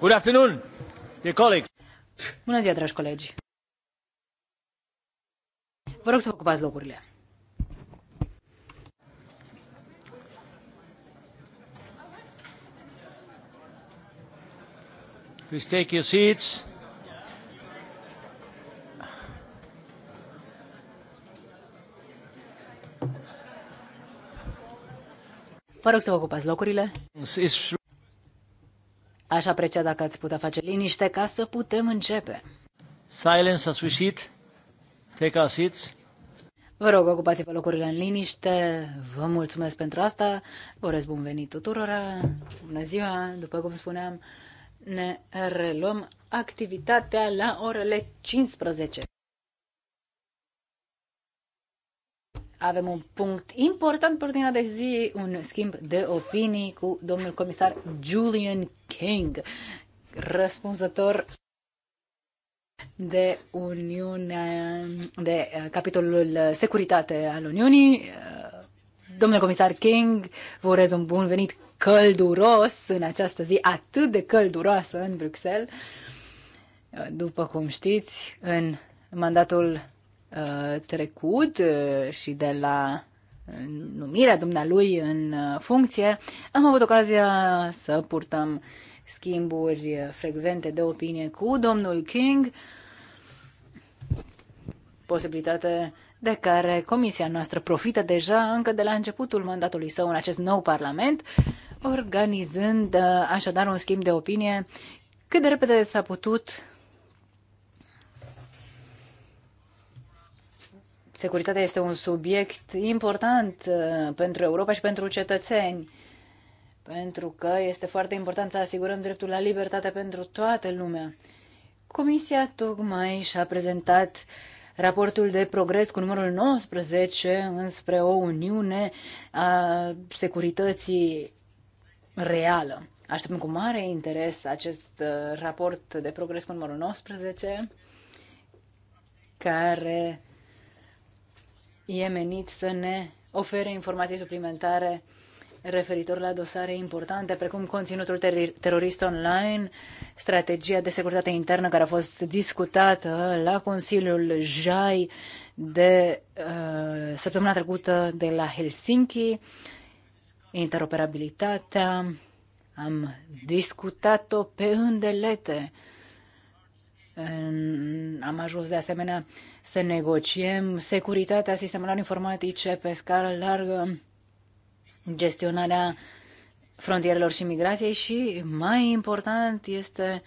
Good afternoon, dear colleagues. Bună ziua, dragi colegi. Vă rog să vă ocupați locurile. Please take your seats. Vă rog să vă ocupați locurile. Aș aprecia dacă ați putea face liniște ca să putem începe. Silence as we sit. Take our seats. Vă rog, ocupați-vă locurile în liniște. Vă mulțumesc pentru asta. Vă urez bun venit tuturora. Bună ziua. După cum spuneam, ne reluăm activitatea la orele 15. avem un punct important pe ordinea de zi, un schimb de opinii cu domnul comisar Julian King, răspunzător de Uniunea, de uh, capitolul securitate al Uniunii. Uh, domnule comisar King, vă urez un bun venit călduros în această zi atât de călduroasă în Bruxelles. Uh, după cum știți, în mandatul Uh, trecut uh, și de la uh, numirea dumnealui în funcție, am avut ocazia să purtăm schimburi frecvente de opinie cu domnul King, posibilitate de care comisia noastră profită deja încă de la începutul mandatului său în acest nou parlament, organizând așadar un schimb de opinie cât de repede s-a putut Securitatea este un subiect important uh, pentru Europa și pentru cetățeni, pentru că este foarte important să asigurăm dreptul la libertate pentru toată lumea. Comisia tocmai și-a prezentat raportul de progres cu numărul 19 înspre o uniune a securității reală. Așteptăm cu mare interes acest uh, raport de progres cu numărul 19, care e menit să ne ofere informații suplimentare referitor la dosare importante, precum conținutul ter- terorist online, strategia de securitate internă care a fost discutată la Consiliul JAI de uh, săptămâna trecută de la Helsinki, interoperabilitatea, am discutat-o pe îndelete am ajuns de asemenea să negociem securitatea sistemelor informatice pe scară largă, gestionarea frontierelor și migrației și, mai important, este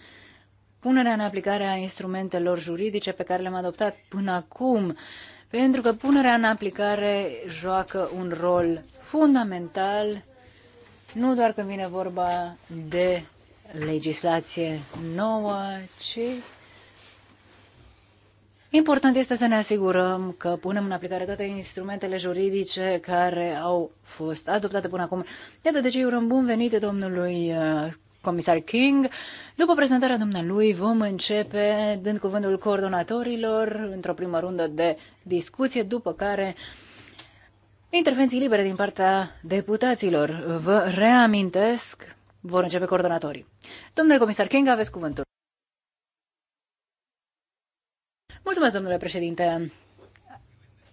punerea în aplicare a instrumentelor juridice pe care le-am adoptat până acum, pentru că punerea în aplicare joacă un rol fundamental, nu doar când vine vorba de legislație nouă, ci Important este să ne asigurăm că punem în aplicare toate instrumentele juridice care au fost adoptate până acum. Iată de ce eu urăm bun venit domnului uh, comisar King. După prezentarea dumnealui vom începe dând cuvântul coordonatorilor într-o primă rundă de discuție, după care intervenții libere din partea deputaților. Vă reamintesc, vor începe coordonatorii. Domnule comisar King, aveți cuvântul. Mulțumesc, domnule președinte.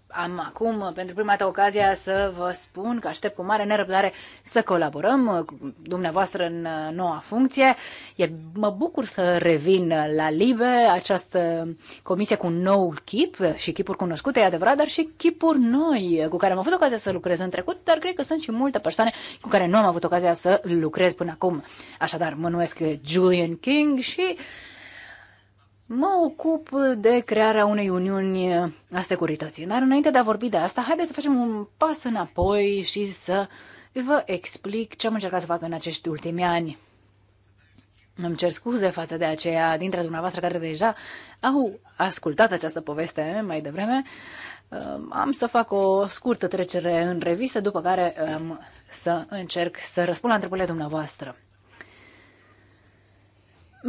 Am acum, pentru prima dată, ocazia să vă spun că aștept cu mare nerăbdare să colaborăm cu dumneavoastră în noua funcție. E, mă bucur să revin la LIBE, această comisie cu un nou chip și chipuri cunoscute, e adevărat, dar și chipuri noi cu care am avut ocazia să lucrez în trecut, dar cred că sunt și multe persoane cu care nu am avut ocazia să lucrez până acum. Așadar, mă numesc Julian King și uh, Mă ocup de crearea unei uniuni a securității. Dar înainte de a vorbi de asta, haideți să facem un pas înapoi și să vă explic ce am încercat să fac în acești ultimi ani. Îmi cer scuze față de aceia dintre dumneavoastră care deja au ascultat această poveste mai devreme. Am să fac o scurtă trecere în revistă, după care am să încerc să răspund la întrebările dumneavoastră.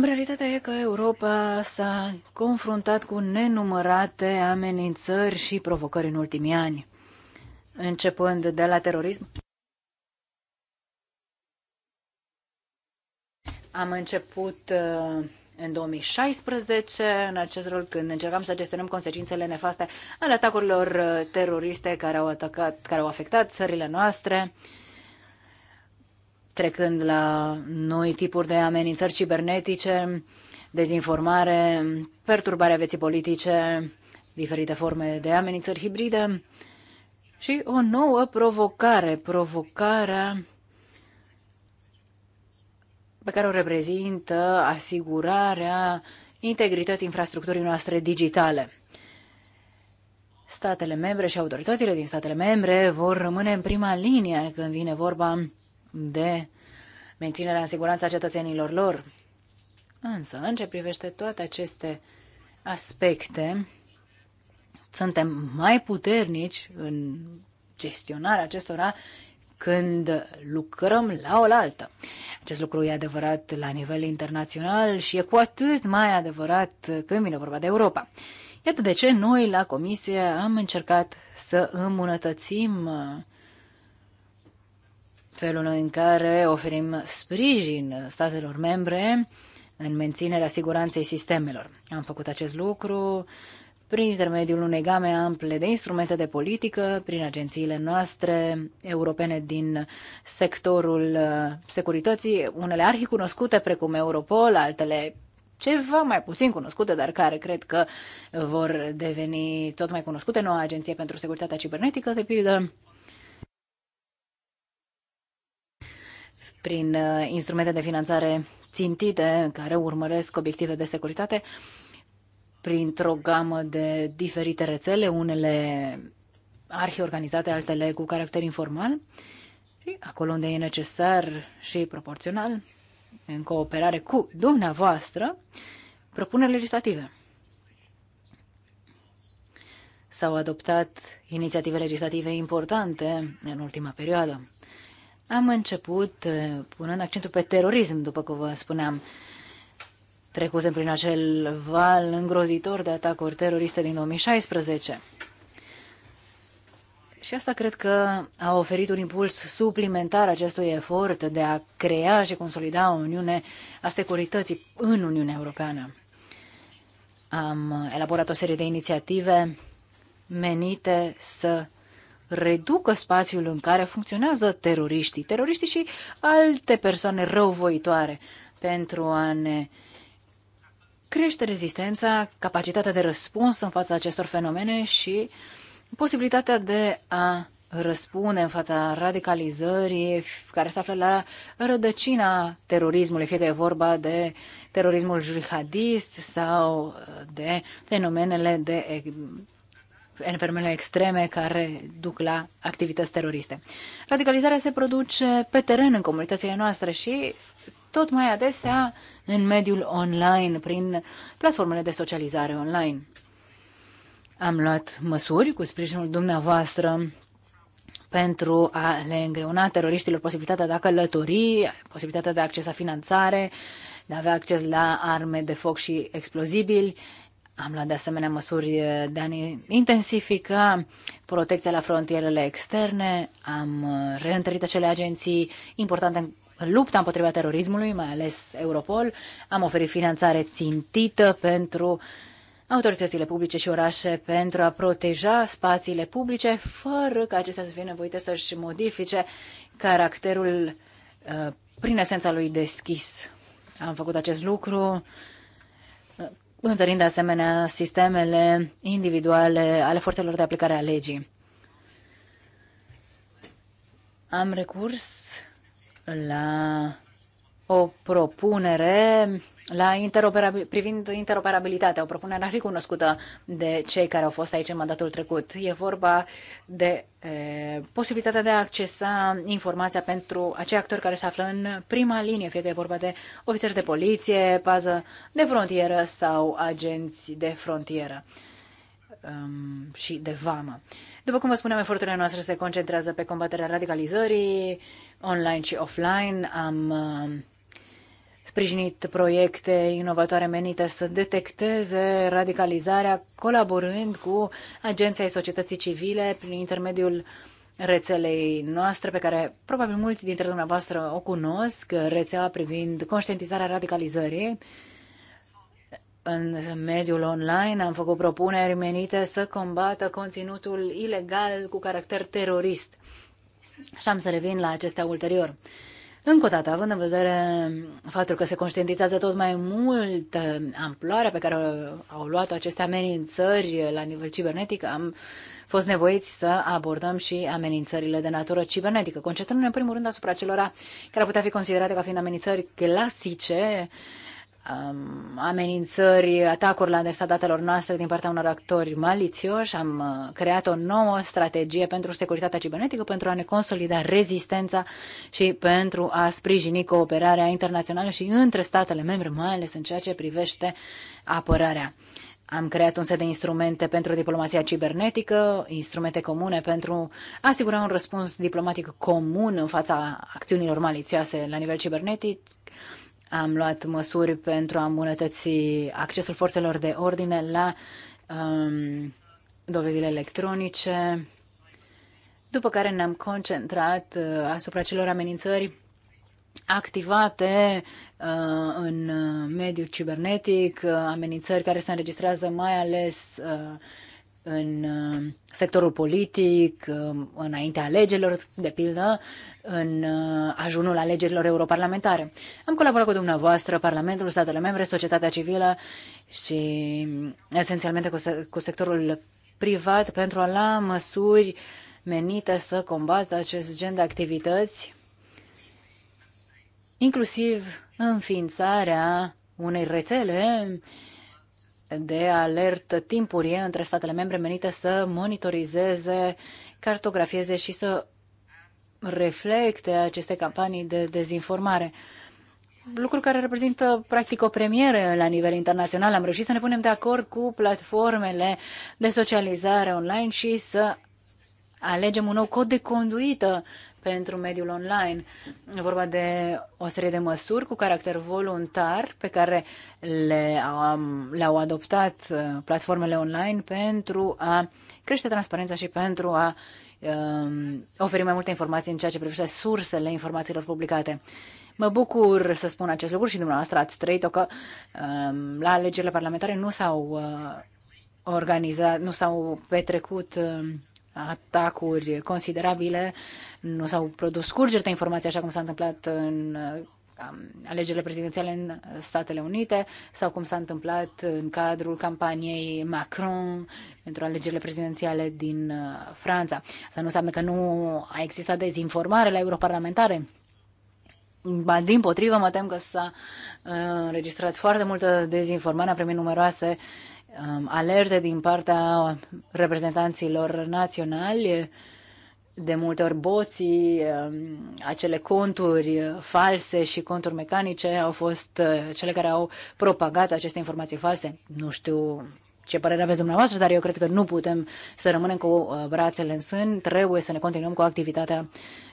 Realitatea e că Europa s-a confruntat cu nenumărate amenințări și provocări în ultimii ani, începând de la terorism. Am început uh, în 2016, în acest rol, când încercam să gestionăm consecințele nefaste ale atacurilor uh, teroriste care au, atacat, care au afectat țările noastre trecând la noi tipuri de amenințări cibernetice, dezinformare, perturbarea vieții politice, diferite forme de amenințări hibride și o nouă provocare, provocarea pe care o reprezintă asigurarea integrității infrastructurii noastre digitale. Statele membre și autoritățile din statele membre vor rămâne în prima linie când vine vorba de menținerea în siguranță a cetățenilor lor. Însă, în ce privește toate aceste aspecte, suntem mai puternici în gestionarea acestora când lucrăm la oaltă. Acest lucru e adevărat la nivel internațional și e cu atât mai adevărat când vine vorba de Europa. Iată de ce noi la Comisie am încercat să îmbunătățim uh, felul în care oferim sprijin statelor membre în menținerea siguranței sistemelor. Am făcut acest lucru prin intermediul unei game ample de instrumente de politică, prin agențiile noastre europene din sectorul uh, securității, unele cunoscute precum Europol, altele ceva mai puțin cunoscute, dar care cred că vor deveni tot mai cunoscute, noua Agenție pentru Securitatea Cibernetică, de pildă, prin uh, instrumente de finanțare țintite care urmăresc obiective de securitate printr-o gamă de diferite rețele, unele arhiorganizate, altele cu caracter informal și acolo unde e necesar și proporțional, în cooperare cu dumneavoastră, propuneri legislative. S-au adoptat inițiative legislative importante în ultima perioadă. Am început eh, punând accentul pe terorism, după cum vă spuneam. Trecusem prin acel val îngrozitor de atacuri teroriste din 2016. Și asta cred că a oferit un impuls suplimentar acestui efort de a crea și consolida o Uniune a Securității în Uniunea Europeană. Am elaborat o serie de inițiative menite să reducă spațiul în care funcționează teroriștii, teroriștii și alte persoane răuvoitoare pentru a ne crește rezistența, capacitatea de răspuns în fața acestor fenomene și posibilitatea de a răspunde în fața radicalizării care se află la rădăcina terorismului, fie că e vorba de terorismul jihadist sau de fenomenele de fenomenele extreme care duc la activități teroriste. Radicalizarea se produce pe teren în comunitățile noastre și tot mai adesea în mediul online, prin platformele de socializare online. Am luat măsuri cu sprijinul dumneavoastră pentru a le îngreuna teroriștilor posibilitatea de a călători, posibilitatea de a accesa finanțare, de a avea acces la arme de foc și explozibili, am luat de asemenea măsuri de a intensifica protecția la frontierele externe, am reîntărit acele agenții importante în lupta împotriva terorismului, mai ales Europol, am oferit finanțare țintită pentru autoritățile publice și orașe pentru a proteja spațiile publice, fără ca acestea să fie nevoite să-și modifice caracterul prin esența lui deschis. Am făcut acest lucru întărind de asemenea sistemele individuale ale forțelor de aplicare a legii. Am recurs la o propunere la interoperabil, privind interoperabilitatea, o propunere recunoscută de cei care au fost aici în mandatul trecut. E vorba de e, posibilitatea de a accesa informația pentru acei actori care se află în prima linie, fie că e vorba de ofițeri de poliție, pază de frontieră sau agenți de frontieră um, și de vamă. După cum vă spuneam, eforturile noastre se concentrează pe combaterea radicalizării online și offline. Am uh, sprijinit proiecte inovatoare menite să detecteze radicalizarea, colaborând cu agenții societății civile prin intermediul rețelei noastre pe care probabil mulți dintre dumneavoastră o cunosc, rețeaua privind conștientizarea radicalizării. În mediul online am făcut propuneri menite să combată conținutul ilegal cu caracter terorist. Și am să revin la acestea ulterior. Încă o dată, având în vedere faptul că se conștientizează tot mai mult eh, amploarea pe care au luat-o aceste amenințări la nivel cibernetic, am fost nevoiți să abordăm și amenințările de natură cibernetică, concentrându-ne în primul rând asupra celor care ar putea fi considerate ca fiind amenințări clasice, um, amenințări, atacuri la adresa datelor noastre din partea unor actori malițioși. Am uh, creat o nouă strategie pentru securitatea cibernetică, pentru a ne consolida rezistența și pentru a sprijini cooperarea internațională și între statele membre, mai ales în ceea ce privește apărarea. Am creat un set de instrumente pentru diplomația cibernetică, instrumente comune pentru a asigura un răspuns diplomatic comun în fața acțiunilor malițioase la nivel cibernetic, am luat măsuri pentru a îmbunătăți accesul forțelor de ordine la um, dovezile electronice, după care ne-am concentrat uh, asupra celor amenințări activate uh, în mediul cibernetic, uh, amenințări care se înregistrează mai ales uh, în uh, sectorul politic, uh, înaintea alegerilor, de pildă, în uh, ajunul alegerilor europarlamentare. Am colaborat cu dumneavoastră, Parlamentul, statele membre, societatea civilă și mm, esențialmente cu, cu sectorul privat pentru a lua măsuri menite să combată acest gen de activități, inclusiv înființarea unei rețele uh, de alertă timpurie între statele membre menite să monitorizeze, cartografieze și să reflecte aceste campanii de dezinformare. Lucru care reprezintă practic o premieră la nivel internațional. Am reușit să ne punem de acord cu platformele de socializare online și să alegem un nou cod de conduită pentru mediul online. E vorba de o serie de măsuri cu caracter voluntar pe care le-au le adoptat uh, platformele online pentru a crește transparența și pentru a um, oferi mai multe informații în ceea ce privește sursele informațiilor publicate. Mă bucur să spun acest lucru și dumneavoastră ați trăit-o că um, la alegerile parlamentare nu s-au uh, organizat, nu s-au petrecut uh, atacuri considerabile, nu s-au produs scurgeri de informații așa cum s-a întâmplat în um, alegerile prezidențiale în Statele Unite sau cum s-a întâmplat în cadrul campaniei Macron pentru alegerile prezidențiale din uh, Franța. Să nu înseamnă că nu a existat dezinformare la europarlamentare. Ba, din potrivă, mă tem că s-a uh, înregistrat foarte multă dezinformare, a primit numeroase uh, Um, alerte din partea reprezentanților naționali, de multe ori boții, um, acele conturi false și conturi mecanice au fost uh, cele care au propagat aceste informații false. Nu știu ce părere aveți dumneavoastră, dar eu cred că nu putem să rămânem cu uh, brațele în sân, trebuie să ne continuăm cu activitatea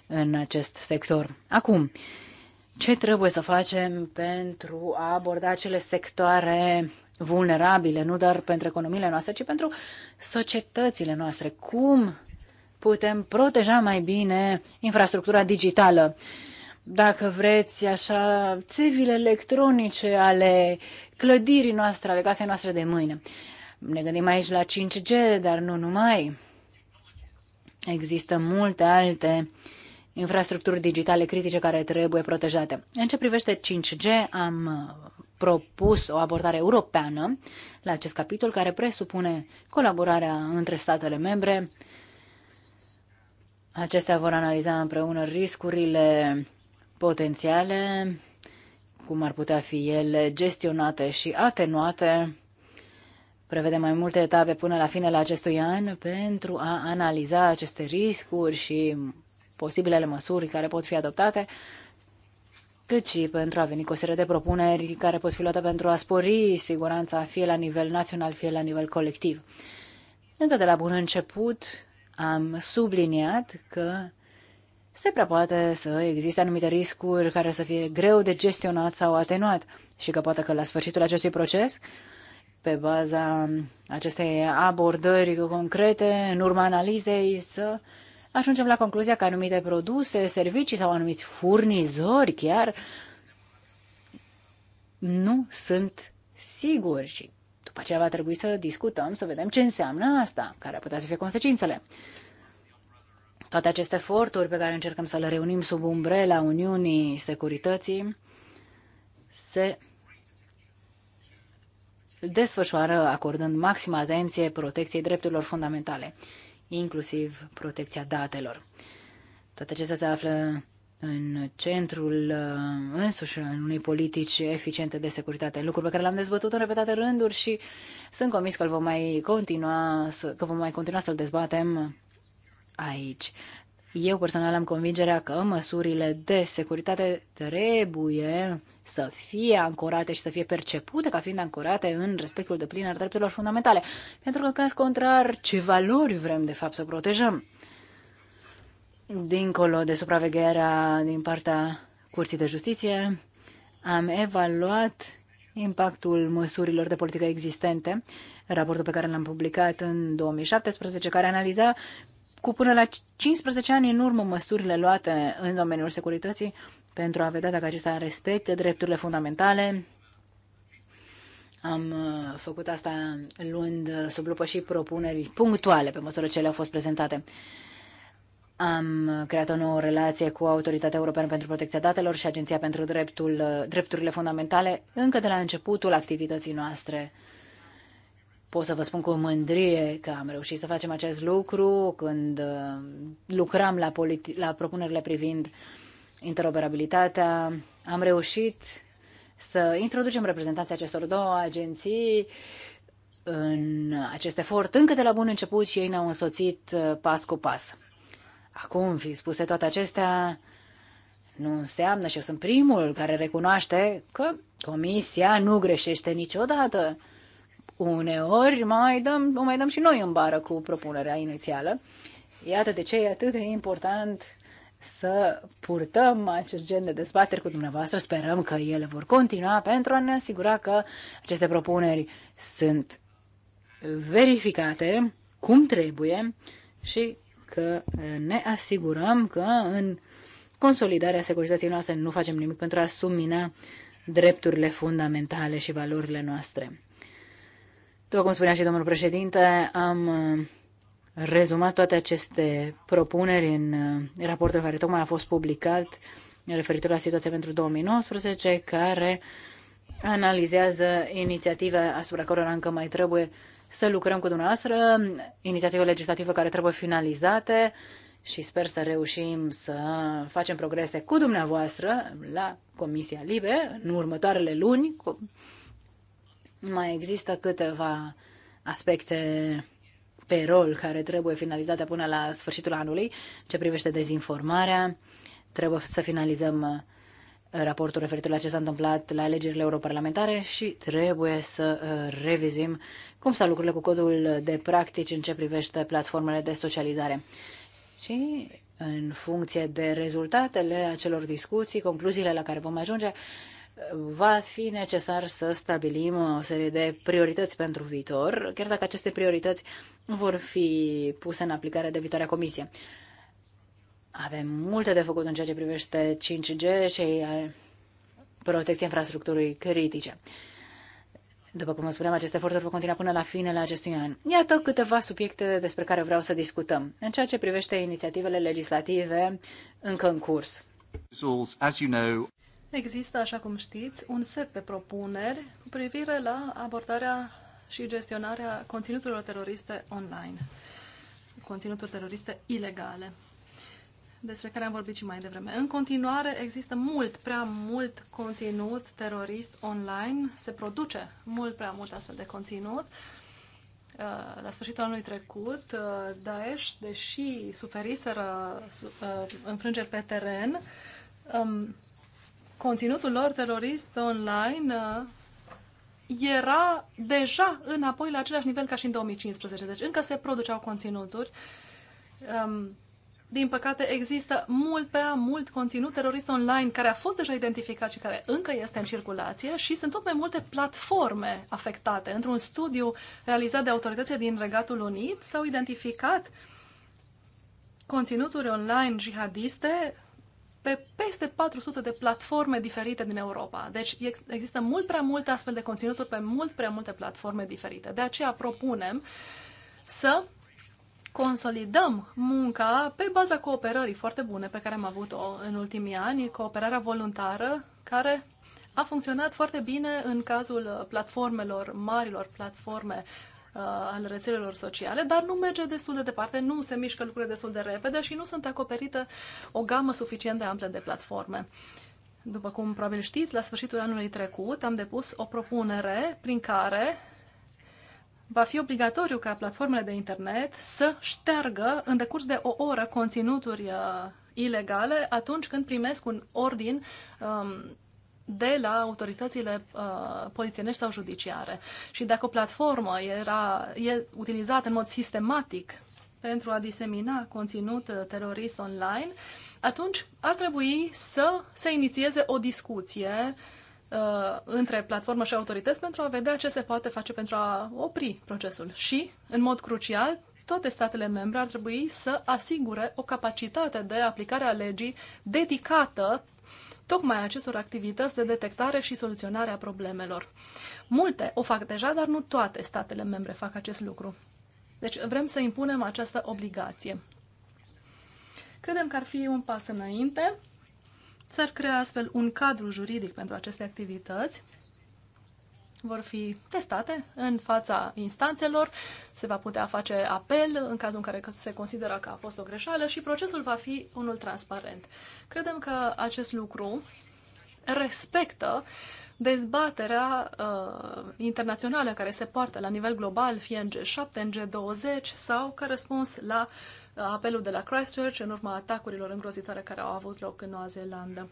în acest sector. Acum, ce trebuie să facem pentru a aborda acele sectoare vulnerabile, nu doar pentru economiile noastre, ci pentru societățile noastre. Cum putem proteja mai bine infrastructura digitală? Dacă vreți, așa, țevile electronice ale clădirii noastre, ale casei noastre de mâine. Ne gândim aici la 5G, dar nu numai. Există multe alte infrastructuri digitale critice care trebuie protejate. În ce privește 5G, am propus o abordare europeană la acest capitol care presupune colaborarea între statele membre. Acestea vor analiza împreună riscurile potențiale, cum ar putea fi ele gestionate și atenuate. Prevede mai multe etape până la finele acestui an pentru a analiza aceste riscuri și posibilele măsuri care pot fi adoptate cât și pentru a veni cu o serie de propuneri care pot fi luate pentru a spori siguranța fie la nivel național, fie la nivel colectiv. Încă de la bun început am subliniat că se prea poate să existe anumite riscuri care să fie greu de gestionat sau atenuat și că poate că la sfârșitul acestui proces, pe baza acestei abordări concrete, în urma analizei, să ajungem la concluzia că anumite produse, servicii sau anumiți furnizori chiar nu sunt siguri și după aceea va trebui să discutăm, să vedem ce înseamnă asta, care ar putea să fie consecințele. Toate aceste eforturi pe care încercăm să le reunim sub umbrela Uniunii Securității se desfășoară acordând maximă atenție protecției drepturilor fundamentale inclusiv protecția datelor. Toate acestea se află în centrul uh, însuși al unei politici eficiente de securitate, Lucruri pe care l-am dezbătut în repetate rânduri și sunt convins că, vom mai continua, că vom mai continua să-l dezbatem aici. Eu personal am convingerea că măsurile de securitate trebuie să fie ancorate și să fie percepute ca fiind ancorate în respectul de plin al drepturilor fundamentale. Pentru că, în caz contrar, ce valori vrem de fapt să protejăm? Dincolo de supravegherea din partea Curții de Justiție, am evaluat impactul măsurilor de politică existente, raportul pe care l-am publicat în 2017, care analiza cu până la 15 ani în urmă măsurile luate în domeniul securității pentru a vedea dacă acesta respectă drepturile fundamentale. Am uh, făcut asta luând uh, sub lupă și propuneri punctuale pe măsură ce le-au fost prezentate. Am uh, creat o nouă relație cu Autoritatea Europeană pentru Protecția Datelor și Agenția pentru Dreptul, Drepturile Fundamentale încă de la începutul activității noastre Pot să vă spun cu mândrie că am reușit să facem acest lucru când uh, lucram la, la propunerile privind interoperabilitatea. Am reușit să introducem reprezentanții acestor două agenții în acest efort încă de la bun început și ei ne-au însoțit uh, pas cu pas. Acum, fi spuse toate acestea, nu înseamnă și eu sunt primul care recunoaște că comisia nu greșește niciodată uneori mai dăm, o mai dăm și noi în bară cu propunerea inițială. Iată de ce e atât de important să purtăm acest gen de dezbateri cu dumneavoastră. Sperăm că ele vor continua pentru a ne asigura că aceste propuneri sunt verificate cum trebuie și că ne asigurăm că în consolidarea securității noastre nu facem nimic pentru a submina drepturile fundamentale și valorile noastre. După cum spunea și domnul președinte, am uh, rezumat toate aceste propuneri în uh, raportul care tocmai a fost publicat referitor la situația pentru 2019, care analizează inițiative asupra cărora încă mai trebuie să lucrăm cu dumneavoastră, inițiative legislative care trebuie finalizate și sper să reușim să facem progrese cu dumneavoastră la Comisia Libe în următoarele luni, mai există câteva aspecte pe rol care trebuie finalizate până la sfârșitul anului, ce privește dezinformarea. Trebuie să finalizăm uh, raportul referitor la ce s-a întâmplat la alegerile europarlamentare și trebuie să uh, revizuim cum s-au lucrurile cu codul de practici în ce privește platformele de socializare. Și în funcție de rezultatele acelor discuții, concluziile la care vom ajunge, va fi necesar să stabilim o serie de priorități pentru viitor, chiar dacă aceste priorități vor fi puse în aplicare de viitoarea comisie. Avem multe de făcut în ceea ce privește 5G și eh, protecția infrastructurii critice. După cum vă spuneam, aceste eforturi vor continua până la finele acestui an. Iată câteva subiecte despre care vreau să discutăm. În ceea ce privește inițiativele legislative încă în curs. Există, așa cum știți, un set de propuneri cu privire la abordarea și gestionarea conținuturilor teroriste online, conținuturi teroriste ilegale, despre care am vorbit și mai devreme. În continuare, există mult, prea mult conținut terorist online, se produce mult, prea mult astfel de conținut. Uh, la sfârșitul anului trecut, uh, Daesh, deși suferiseră uh, înfrângeri pe teren, um, conținutul lor terorist online uh, era deja înapoi la același nivel ca și în 2015. Deci încă se produceau conținuturi. Um, din păcate, există mult prea mult conținut terorist online care a fost deja identificat și care încă este în circulație și sunt tot mai multe platforme afectate. Într-un studiu realizat de autoritățile din Regatul Unit s-au identificat conținuturi online jihadiste pe peste 400 de platforme diferite din Europa. Deci există mult prea multe astfel de conținuturi pe mult prea multe platforme diferite. De aceea propunem să consolidăm munca pe baza cooperării foarte bune pe care am avut-o în ultimii ani, cooperarea voluntară care a funcționat foarte bine în cazul platformelor, marilor platforme Uh, al rețelelor sociale, dar nu merge destul de departe, nu se mișcă lucrurile destul de repede și nu sunt acoperite o gamă suficient de amplă de platforme. După cum probabil știți, la sfârșitul anului trecut am depus o propunere prin care va fi obligatoriu ca platformele de internet să șteargă în decurs de o oră conținuturi uh, ilegale atunci când primesc un ordin um, de la autoritățile uh, polițienești sau judiciare. Și dacă o platformă era, e utilizată în mod sistematic pentru a disemina conținut uh, terorist online, atunci ar trebui să se inițieze o discuție uh, între platformă și autorități pentru a vedea ce se poate face pentru a opri procesul. Și, în mod crucial, toate statele membre ar trebui să asigure o capacitate de aplicare a legii dedicată tocmai acestor activități de detectare și soluționare a problemelor. Multe o fac deja, dar nu toate statele membre fac acest lucru. Deci vrem să impunem această obligație. Credem că ar fi un pas înainte. Țări crea astfel un cadru juridic pentru aceste activități vor fi testate în fața instanțelor, se va putea face apel în cazul în care se consideră că a fost o greșeală și procesul va fi unul transparent. Credem că acest lucru respectă dezbaterea uh, internațională care se poartă la nivel global, fie în G7, în G20 sau ca răspuns la uh, apelul de la Christchurch în urma atacurilor îngrozitoare care au avut loc în Noua Zeelandă.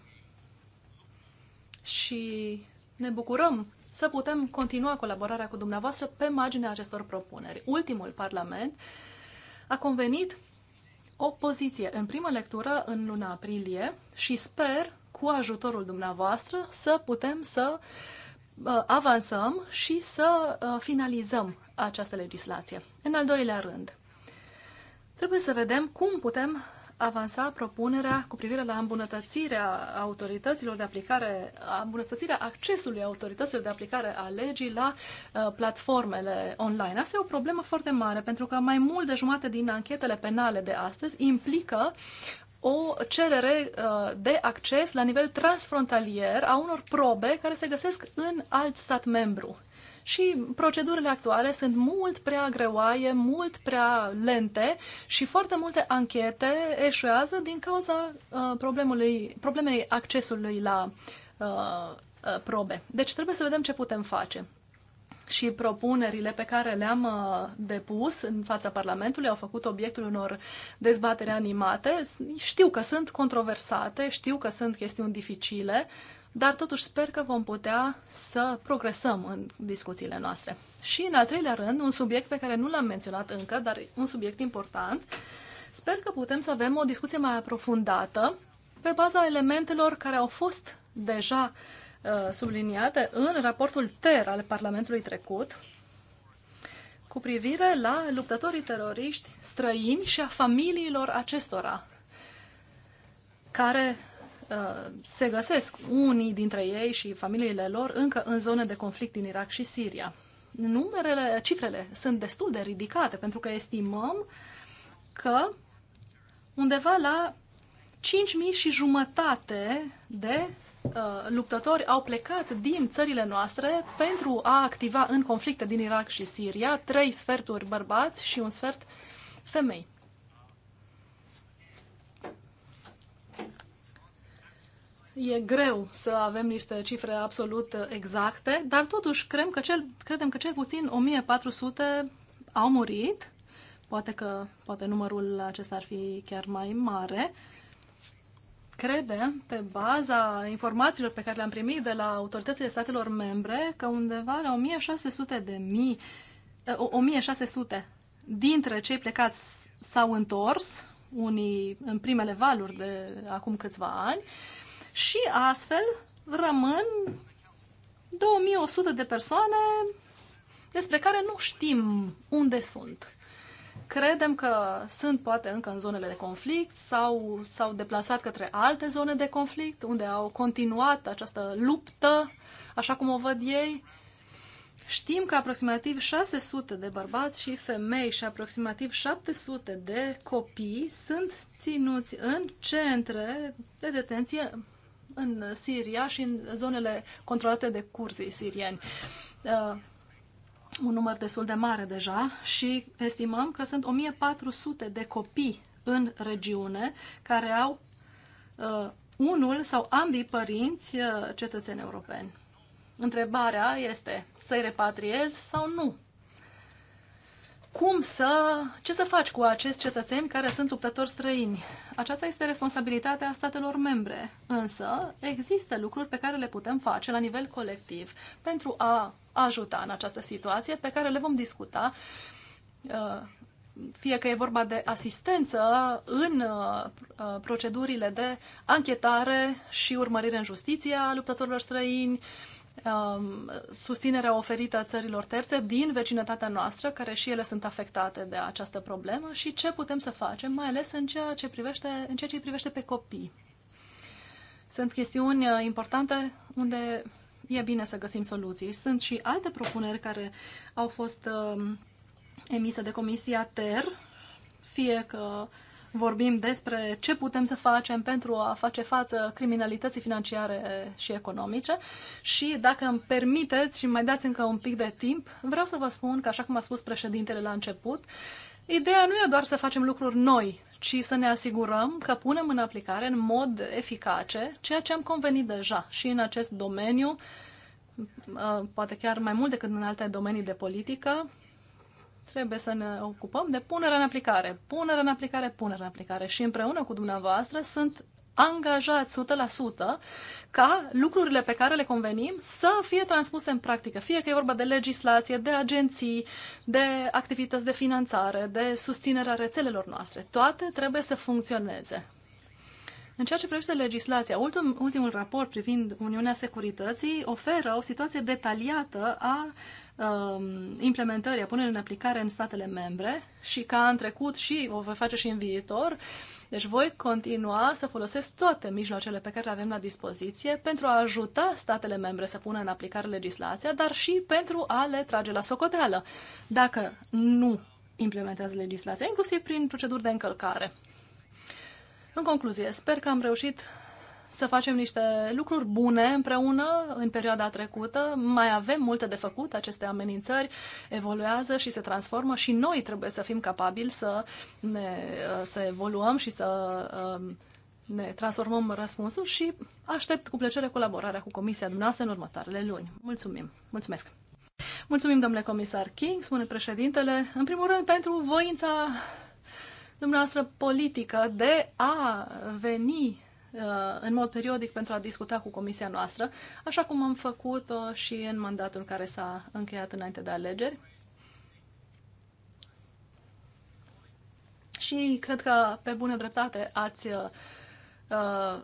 Și ne bucurăm să putem continua colaborarea cu dumneavoastră pe marginea acestor propuneri. Ultimul Parlament a convenit o poziție în primă lectură în luna aprilie și sper cu ajutorul dumneavoastră să putem să uh, avansăm și să uh, finalizăm această legislație. În al doilea rând, trebuie să vedem cum putem avansa propunerea cu privire la îmbunătățirea autorităților de aplicare, îmbunătățirea accesului autorităților de aplicare a legii la uh, platformele online. Asta e o problemă foarte mare, pentru că mai mult de jumate din anchetele penale de astăzi implică o cerere uh, de acces la nivel transfrontalier a unor probe care se găsesc în alt stat membru și procedurile actuale sunt mult prea greoaie, mult prea lente și foarte multe anchete eșuează din cauza uh, problemei accesului la uh, uh, probe. Deci trebuie să vedem ce putem face și propunerile pe care le-am uh, depus în fața Parlamentului au făcut obiectul unor dezbatere animate. Știu că sunt controversate, știu că sunt chestiuni dificile, dar totuși sper că vom putea să progresăm în discuțiile noastre. Și, în al treilea rând, un subiect pe care nu l-am menționat încă, dar un subiect important, sper că putem să avem o discuție mai aprofundată pe baza elementelor care au fost deja uh, subliniate în raportul TER al Parlamentului trecut cu privire la luptătorii teroriști străini și a familiilor acestora care Uh, se găsesc unii dintre ei și familiile lor încă în zone de conflict din Irak și Siria. Numerele, cifrele sunt destul de ridicate pentru că estimăm că undeva la 5.000 și jumătate de uh, luptători au plecat din țările noastre pentru a activa în conflicte din Irak și Siria, trei sferturi bărbați și un sfert femei. e greu să avem niște cifre absolut exacte, dar totuși cred că cel, credem că cel puțin 1400 au murit. Poate că poate numărul acesta ar fi chiar mai mare. Credem, pe baza informațiilor pe care le-am primit de la autoritățile statelor membre, că undeva la 1600 de mii, 1600 eh, dintre cei plecați s-au întors, unii în primele valuri de acum câțiva ani, și astfel rămân 2100 de persoane despre care nu știm unde sunt. Credem că sunt poate încă în zonele de conflict sau s-au deplasat către alte zone de conflict unde au continuat această luptă, așa cum o văd ei. Știm că aproximativ 600 de bărbați și femei și aproximativ 700 de copii sunt ținuți în centre de detenție în Siria și în zonele controlate de curzii sirieni. Uh, un număr destul de mare deja și estimăm că sunt 1400 de copii în regiune care au uh, unul sau ambii părinți uh, cetățeni europeni. Întrebarea este să-i repatriez sau nu cum să, ce să faci cu acești cetățeni care sunt luptători străini. Aceasta este responsabilitatea statelor membre, însă există lucruri pe care le putem face la nivel colectiv pentru a ajuta în această situație pe care le vom discuta uh, fie că e vorba de asistență în uh, uh, procedurile de anchetare și urmărire în justiție a luptătorilor străini, um, susținerea oferită țărilor terțe din vecinătatea noastră, care și ele sunt afectate de această problemă, și ce putem să facem, mai ales în ceea ce privește, în ceea ce privește pe copii. Sunt chestiuni uh, importante unde e bine să găsim soluții. Sunt și alte propuneri care au fost um, emise de Comisia TER, fie că vorbim despre ce putem să facem pentru a face față criminalității financiare și economice și dacă îmi permiteți și mai dați încă un pic de timp, vreau să vă spun că, așa cum a spus președintele la început, ideea nu e doar să facem lucruri noi, ci să ne asigurăm că punem în aplicare în mod eficace ceea ce am convenit deja și în acest domeniu, uh, poate chiar mai mult decât în alte domenii de politică, Trebuie să ne ocupăm de punerea în aplicare, punerea în aplicare, punerea în aplicare. Și împreună cu dumneavoastră sunt angajați 100% ca lucrurile pe care le convenim să fie transpuse în practică. Fie că e vorba de legislație, de agenții, de activități de finanțare, de susținerea rețelelor noastre. Toate trebuie să funcționeze. În ceea ce privește legislația, ultim, ultimul raport privind Uniunea Securității oferă o situație detaliată a Um, implementării, a punerii în aplicare în statele membre și ca în trecut și o voi face și în viitor. Deci voi continua să folosesc toate mijloacele pe care le avem la dispoziție pentru a ajuta statele membre să pună în aplicare legislația, dar și pentru a le trage la socoteală dacă nu implementează legislația, inclusiv prin proceduri de încălcare. În concluzie, sper că am reușit să facem niște lucruri bune împreună în perioada trecută. Mai avem multe de făcut, aceste amenințări evoluează și se transformă și noi trebuie să fim capabili să, ne, să evoluăm și să um, ne transformăm răspunsul și aștept cu plăcere colaborarea cu Comisia dumneavoastră în următoarele luni. Mulțumim! Mulțumesc! Mulțumim, domnule comisar King, spune președintele, în primul rând pentru voința dumneavoastră politică de a veni Uh, în mod periodic pentru a discuta cu comisia noastră, așa cum am făcut-o și în mandatul care s-a încheiat înainte de alegeri. Și cred că, pe bună dreptate, ați uh,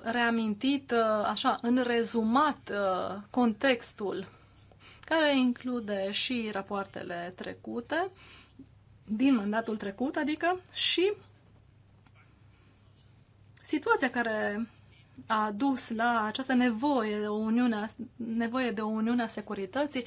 reamintit, uh, așa, în rezumat, contextul care include și rapoartele trecute, din mandatul trecut, adică, și situația care a dus la această nevoie de o uniune, nevoie de o uniune a securității,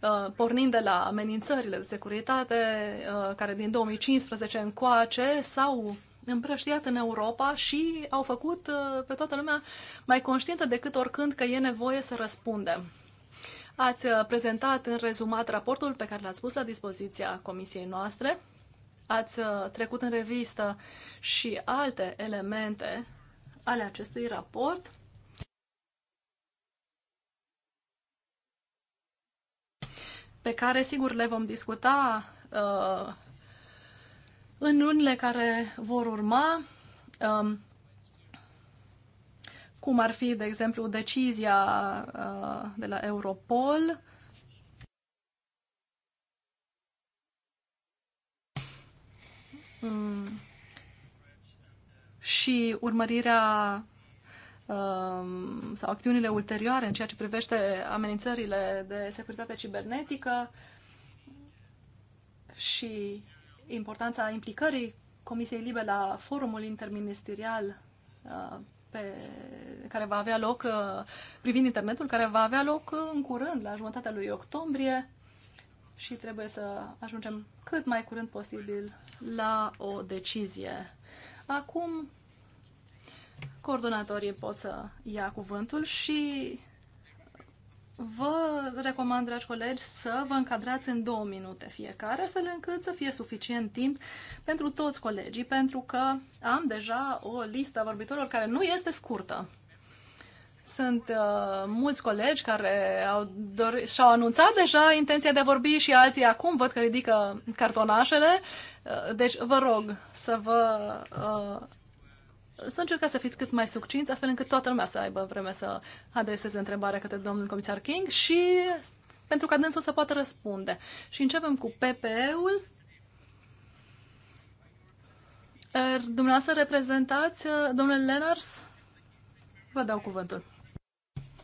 uh, pornind de la amenințările de securitate uh, care din 2015 încoace s-au împrăștiat în Europa și au făcut uh, pe toată lumea mai conștientă decât oricând că e nevoie să răspundem. Ați prezentat în rezumat raportul pe care l-ați pus la dispoziția comisiei noastre ați uh, trecut în revistă și alte elemente ale acestui raport. pe care sigur le vom discuta uh, în lunile care vor urma, um, uh, cum ar fi, de exemplu, decizia uh, de la Europol Mm. și urmărirea um, sau acțiunile ulterioare în ceea ce privește amenințările de securitate cibernetică și importanța implicării Comisiei Libe la forumul interministerial uh, pe, care va avea loc uh, privind internetul, care va avea loc în curând, la jumătatea lui octombrie și trebuie să ajungem cât mai curând posibil la o decizie. Acum, coordonatorii pot să ia cuvântul și vă recomand, dragi colegi, să vă încadrați în două minute fiecare, astfel încât să fie suficient timp pentru toți colegii, pentru că am deja o listă a vorbitorilor care nu este scurtă. Sunt uh, mulți colegi care au dor- și-au anunțat deja intenția de a vorbi și alții acum văd că ridică cartonașele. Uh, deci vă rog să vă uh, să încercați să fiți cât mai succinți, astfel încât toată lumea să aibă vreme să adreseze întrebarea către domnul comisar King și pentru ca dânsul să poată răspunde. Și începem cu PPE-ul. Er, dumneavoastră reprezentați, uh, domnule Lenars, vă dau cuvântul.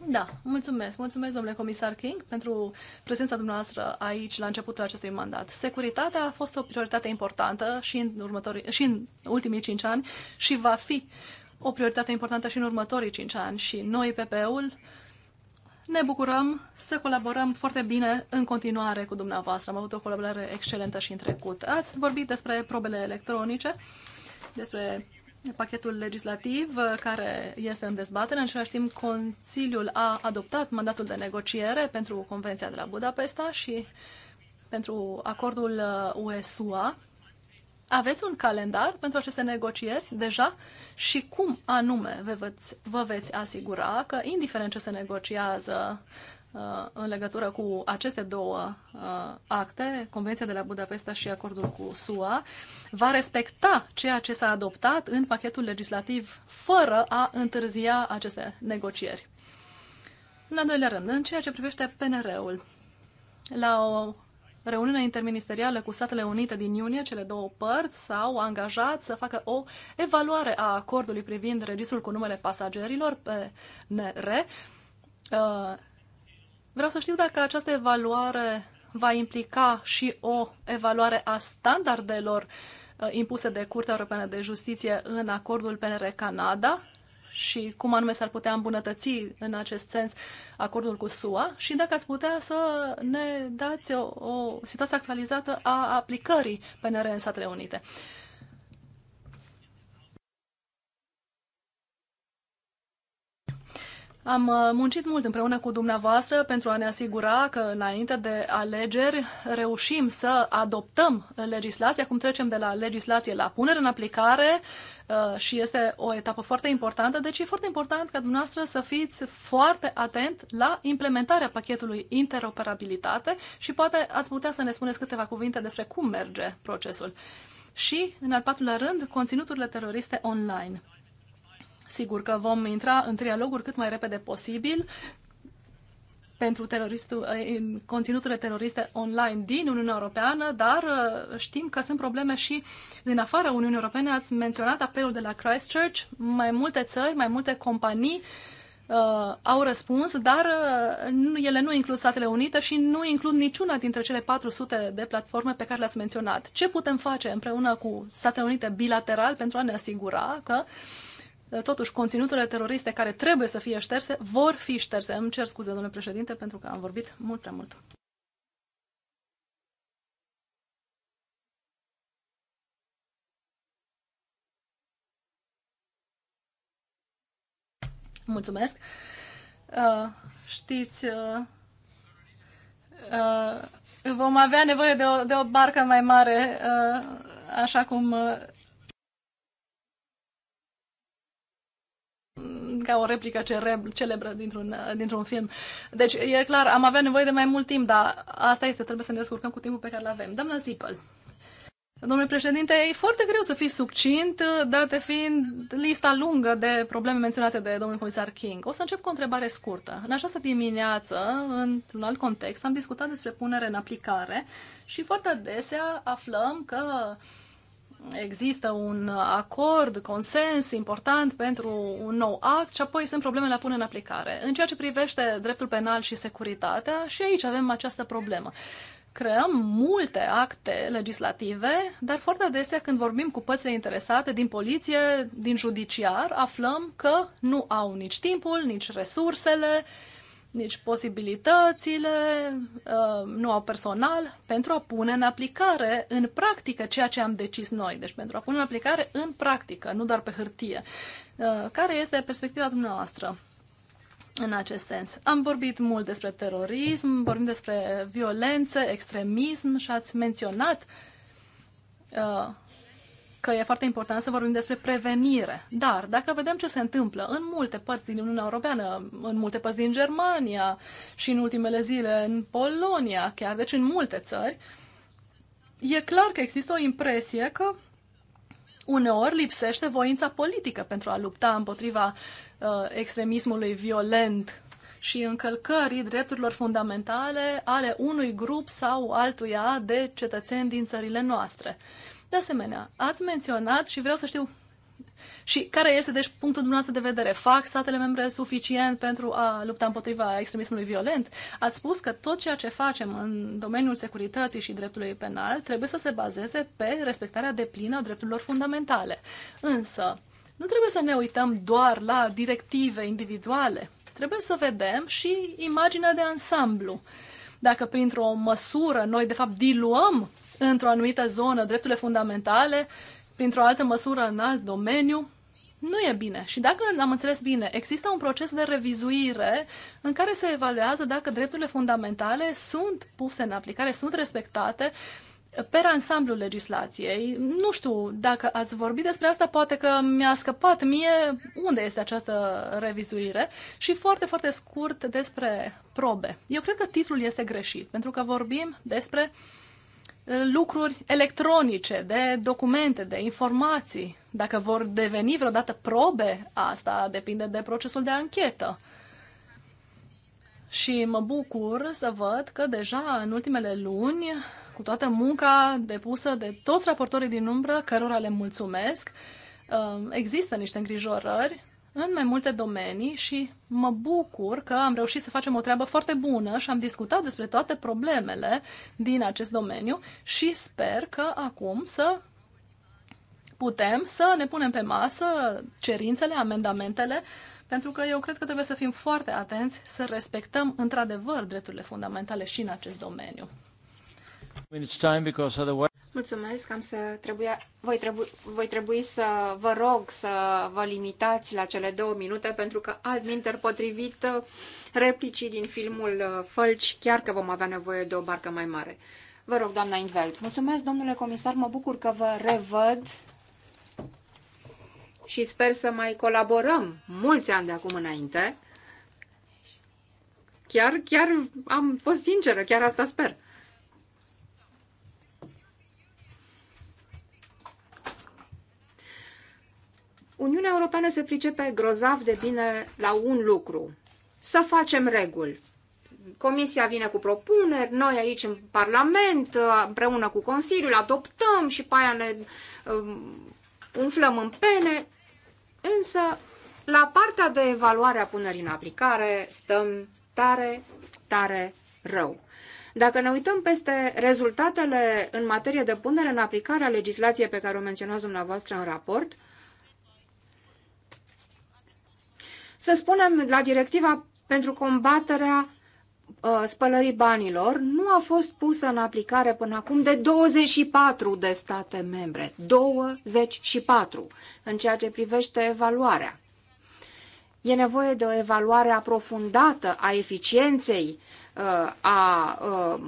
Da, mulțumesc. Mulțumesc, domnule comisar King, pentru prezența dumneavoastră aici la începutul acestui mandat. Securitatea a fost o prioritate importantă și în, următorii, și în ultimii cinci ani și va fi o prioritate importantă și în următorii cinci ani. Și noi, PP-ul, ne bucurăm să colaborăm foarte bine în continuare cu dumneavoastră. Am avut o colaborare excelentă și în trecut. Ați vorbit despre probele electronice, despre pachetul legislativ uh, care este în dezbatere. În același timp, Consiliul a adoptat mandatul de negociere pentru Convenția de la Budapesta și pentru acordul USUA. Uh, Aveți un calendar pentru aceste negocieri deja și cum anume vă veți, vă veți asigura că, indiferent ce se negociază Uh, în legătură cu aceste două uh, acte, Convenția de la Budapesta și acordul cu SUA, va respecta ceea ce s-a adoptat în pachetul legislativ fără a întârzia aceste negocieri. În al doilea rând, în ceea ce privește PNR-ul, la o reuniune interministerială cu Statele Unite din iunie, cele două părți s-au angajat să facă o evaluare a acordului privind registrul cu numele pasagerilor, PNR, uh, Vreau să știu dacă această evaluare va implica și o evaluare a standardelor uh, impuse de Curtea Europeană de Justiție în acordul PNR-Canada și cum anume s-ar putea îmbunătăți în acest sens acordul cu SUA și dacă ați putea să ne dați o, o situație actualizată a aplicării PNR în Statele Unite. Am uh, muncit mult împreună cu dumneavoastră pentru a ne asigura că înainte de alegeri reușim să adoptăm legislația, cum trecem de la legislație la punere în aplicare uh, și este o etapă foarte importantă. Deci e foarte important ca dumneavoastră să fiți foarte atent la implementarea pachetului interoperabilitate și poate ați putea să ne spuneți câteva cuvinte despre cum merge procesul. Și, în al patrulea rând, conținuturile teroriste online. Sigur că vom intra în trialoguri cât mai repede posibil pentru teroristul, eh, conținuturile teroriste online din Uniunea Europeană, dar eh, știm că sunt probleme și în afara Uniunii Europene. Ați menționat apelul de la Christchurch, mai multe țări, mai multe companii uh, au răspuns, dar uh, ele nu includ Statele Unite și nu includ niciuna dintre cele 400 de platforme pe care le-ați menționat. Ce putem face împreună cu Statele Unite bilateral pentru a ne asigura că uh, Eh, totuși, conținuturile teroriste care trebuie să fie șterse vor fi șterse. Îmi cer scuze, domnule președinte, pentru că am vorbit mult prea mult. Mulțumesc. Uh, știți, uh, uh, vom avea nevoie de o, de o barcă mai mare, uh, așa cum uh, ca o replică celebră dintr-un, dintr-un film. Deci, e clar, am avea nevoie de mai mult timp, dar asta este, trebuie să ne descurcăm cu timpul pe care îl avem. Doamna Zipăl, domnule președinte, e foarte greu să fii succint, date fiind lista lungă de probleme menționate de domnul comisar King. O să încep cu o întrebare scurtă. În această dimineață, într-un alt context, am discutat despre punere în aplicare și foarte adesea aflăm că uh, există un acord, consens important pentru un nou act și apoi sunt probleme la pune în aplicare. În ceea ce privește dreptul penal și securitatea, și aici avem această problemă. Creăm multe acte legislative, dar foarte adesea când vorbim cu pățile interesate din poliție, din judiciar, aflăm că nu au nici timpul, nici resursele, nici posibilitățile, uh, nu au personal pentru a pune în aplicare, în practică, ceea ce am decis noi. Deci pentru a pune în aplicare în practică, nu doar pe hârtie. Uh, care este perspectiva dumneavoastră în acest sens? Am vorbit mult despre terorism, vorbim despre violență, extremism și ați menționat uh, că e foarte important să vorbim despre prevenire. Dar dacă vedem ce se întâmplă în multe părți din Uniunea Europeană, în multe părți din Germania și în ultimele zile în Polonia, chiar deci în multe țări, e clar că există o impresie că uneori lipsește voința politică pentru a lupta împotriva uh, extremismului violent și încălcării drepturilor fundamentale ale unui grup sau altuia de cetățeni din țările noastre. Uh, de asemenea, ați menționat și vreau să știu și care este, deci, punctul dumneavoastră de vedere? Fac statele membre suficient pentru a lupta împotriva extremismului violent? Ați spus că tot ceea ce facem în domeniul securității și dreptului penal trebuie să se bazeze pe respectarea deplină a drepturilor fundamentale. Însă, nu trebuie să ne uităm doar la directive individuale. Trebuie să vedem și imaginea de ansamblu. Dacă printr-o măsură noi, de fapt, diluăm într-o anumită zonă drepturile fundamentale, printr-o altă măsură în alt domeniu, nu e bine. Și dacă am înțeles bine, există un proces de revizuire în care se evaluează dacă drepturile fundamentale sunt puse în aplicare, sunt respectate pe ansamblul legislației. Nu știu dacă ați vorbit despre asta, poate că mi-a scăpat mie unde este această revizuire și foarte, foarte scurt despre probe. Eu cred că titlul este greșit, pentru că vorbim despre uh, lucruri electronice, de documente, de informații. Dacă vor deveni vreodată probe, asta depinde de procesul de anchetă. Și mă bucur să văd că deja în ultimele luni, cu toată munca depusă de toți raportorii din umbră, cărora le mulțumesc, uh, există niște îngrijorări în mai multe domenii și mă bucur că am reușit să facem o treabă foarte bună și am discutat despre toate problemele din acest domeniu și sper că acum să putem să ne punem pe masă cerințele, amendamentele, pentru că eu cred că trebuie să fim foarte atenți să respectăm într-adevăr drepturile fundamentale și în acest domeniu. Mulțumesc, am să trebuia, voi, trebu, voi trebui să vă rog să vă limitați la cele două minute, pentru că altminteri potrivit uh, replicii din filmul uh, Fălci, chiar că vom avea nevoie de o barcă mai mare. Vă rog, doamna Inveld. Mulțumesc, domnule comisar, mă bucur că vă revăd și sper să mai colaborăm mulți ani de acum înainte. Chiar, chiar am fost sinceră, chiar asta sper. Uniunea Europeană se pricepe grozav de bine la un lucru. Să facem reguli. Comisia vine cu propuneri, noi aici în Parlament, împreună cu Consiliul, adoptăm și pe aia ne um, umflăm în pene, însă la partea de evaluare a punerii în aplicare stăm tare, tare rău. Dacă ne uităm peste rezultatele în materie de punere în aplicare a legislației pe care o menționați dumneavoastră în raport, uh, Să spunem, la directiva pentru combaterea uh, spălării banilor nu a fost pusă în aplicare până acum de 24 de state membre. 24 în ceea ce privește evaluarea. E nevoie de o evaluare aprofundată a eficienței, uh, a uh,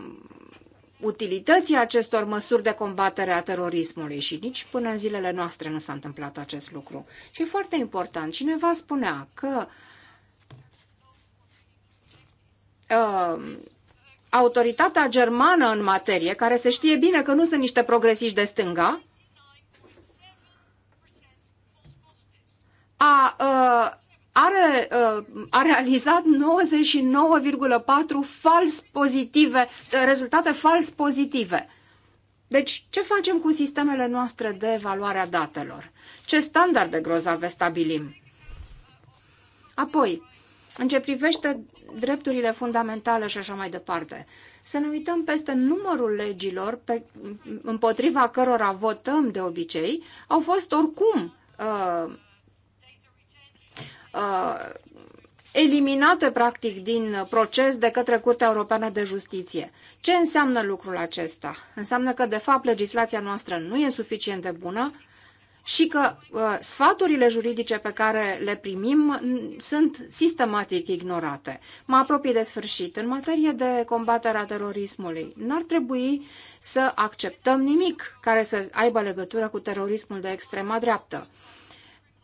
utilității acestor măsuri de combatere a terorismului și nici până în zilele noastre nu s-a întâmplat acest lucru. Și e foarte important, cineva spunea că uh, autoritatea germană în materie, care se știe bine că nu sunt niște progresiști de stânga, a uh, are, uh, a realizat 99,4 fals pozitive, uh, rezultate fals pozitive. Deci, ce facem cu sistemele noastre de evaluare a datelor? Ce standarde grozave stabilim? Apoi, în ce privește drepturile fundamentale și așa mai departe, să ne uităm peste numărul legilor pe, împotriva cărora votăm de obicei, au fost oricum uh, uh, eliminate practic din proces de către Curtea Europeană de Justiție. Ce înseamnă lucrul acesta? Înseamnă că, de fapt, legislația noastră nu e suficient de bună și că uh, sfaturile juridice pe care le primim sunt sistematic ignorate. Mă apropii de sfârșit. În materie de combaterea terorismului, n-ar trebui să acceptăm nimic care să aibă legătură cu terorismul de extrema dreaptă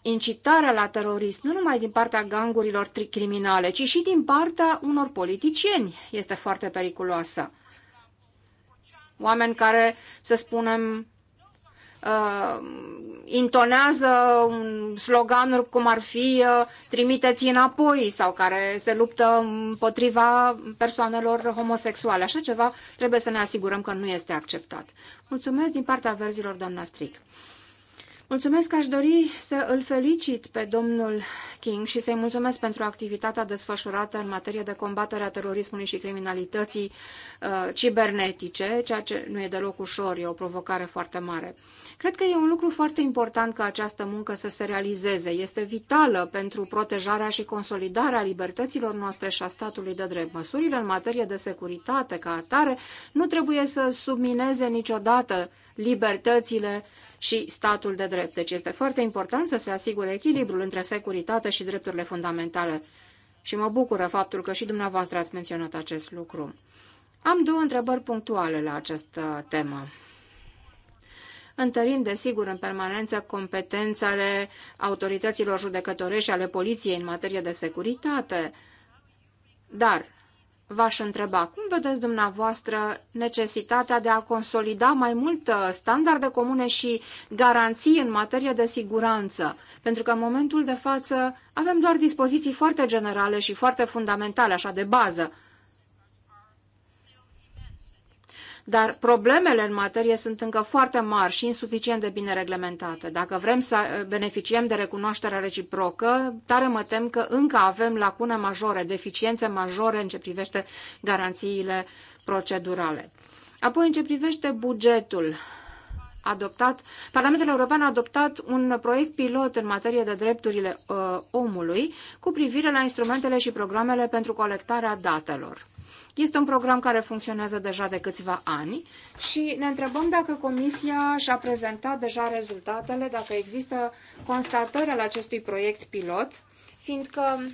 incitarea la terorism, nu numai din partea gangurilor criminale, ci și din partea unor politicieni este foarte periculoasă. Oameni care, să spunem, uh, intonează un sloganuri cum ar fi uh, trimiteți înapoi sau care se luptă împotriva persoanelor homosexuale. Așa ceva trebuie să ne asigurăm că nu este acceptat. Mulțumesc din partea verzilor, doamna Stric. Mulțumesc, aș dori să îl felicit pe domnul King și să-i mulțumesc pentru activitatea desfășurată în materie de combatere a terorismului și criminalității uh, cibernetice, ceea ce nu e deloc ușor, e o provocare foarte mare. Cred că e un lucru foarte important ca această muncă să se realizeze. Este vitală pentru protejarea și consolidarea libertăților noastre și a statului de drept. Măsurile în materie de securitate ca atare nu trebuie să submineze niciodată libertățile și statul de drept. Deci este foarte important să se asigure echilibrul între securitate și drepturile fundamentale. Și mă bucură faptul că și dumneavoastră ați menționat acest lucru. Am două întrebări punctuale la această temă întărind, desigur, în permanență competențele autorităților judecătorești și ale poliției în materie de securitate. Dar v-aș întreba, cum vedeți dumneavoastră necesitatea de a consolida mai mult uh, standarde comune și garanții în materie de siguranță? Pentru că în momentul de față avem doar dispoziții foarte generale și foarte fundamentale, așa de bază, dar problemele în materie sunt încă foarte mari și insuficient de bine reglementate. Dacă vrem să beneficiem de recunoașterea reciprocă, tare mă tem că încă avem lacune majore, deficiențe majore în ce privește garanțiile procedurale. Apoi, în ce privește bugetul, adoptat, Parlamentul European a adoptat un proiect pilot în materie de drepturile uh, omului cu privire la instrumentele și programele pentru colectarea datelor. Este un program care funcționează deja de câțiva ani și ne întrebăm dacă Comisia și-a prezentat deja rezultatele, dacă există constatări ale acestui proiect pilot, fiindcă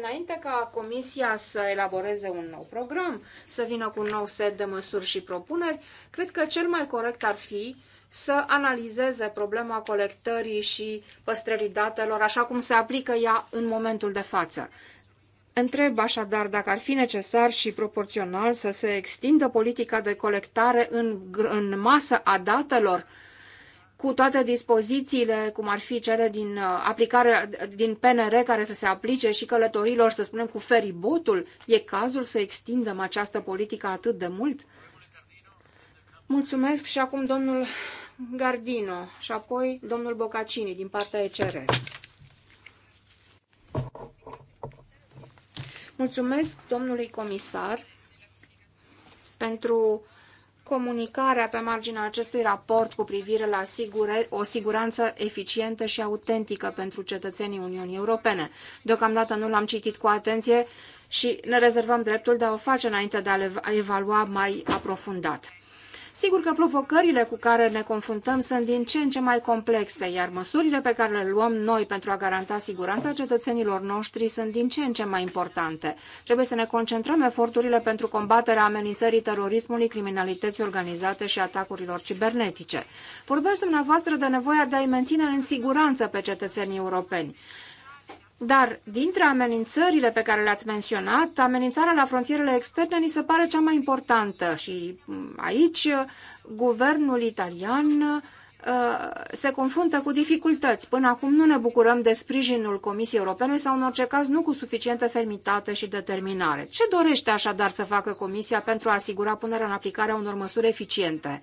Înainte ca Comisia să elaboreze un nou program, să vină cu un nou set de măsuri și propuneri, cred că cel mai corect ar fi să analizeze problema colectării și păstrării datelor așa cum se aplică ea în momentul de față. Întreb așadar dacă ar fi necesar și proporțional să se extindă politica de colectare în, în masă a datelor cu toate dispozițiile, cum ar fi cele din uh, aplicare din PNR care să se aplice și călătorilor, să spunem, cu feribotul, e cazul să extindem această politică atât de mult? Mulțumesc și acum domnul Gardino și apoi domnul Bocacini din partea ECR. Mulțumesc domnului comisar pentru comunicarea pe marginea acestui raport cu privire la sigure, o siguranță eficientă și autentică pentru cetățenii Uniunii Europene. Deocamdată nu l-am citit cu atenție și ne rezervăm dreptul de a o face înainte de a le evalua mai aprofundat. Sigur că provocările cu care ne confruntăm sunt din ce în ce mai complexe, iar măsurile pe care le luăm noi pentru a garanta siguranța cetățenilor noștri sunt din ce în ce mai importante. Trebuie să ne concentrăm eforturile pentru combaterea amenințării terorismului, criminalității organizate și atacurilor cibernetice. Vorbesc dumneavoastră de nevoia de a-i menține în siguranță pe cetățenii europeni. Dar dintre amenințările pe care le-ați menționat, amenințarea la frontierele externe ni se pare cea mai importantă și mm, aici uh, guvernul italian uh, se confruntă cu dificultăți. Până acum nu ne bucurăm de sprijinul Comisiei Europene sau, în orice caz, nu cu suficientă fermitate și determinare. Ce dorește așadar să facă Comisia pentru a asigura punerea în aplicare a unor măsuri eficiente?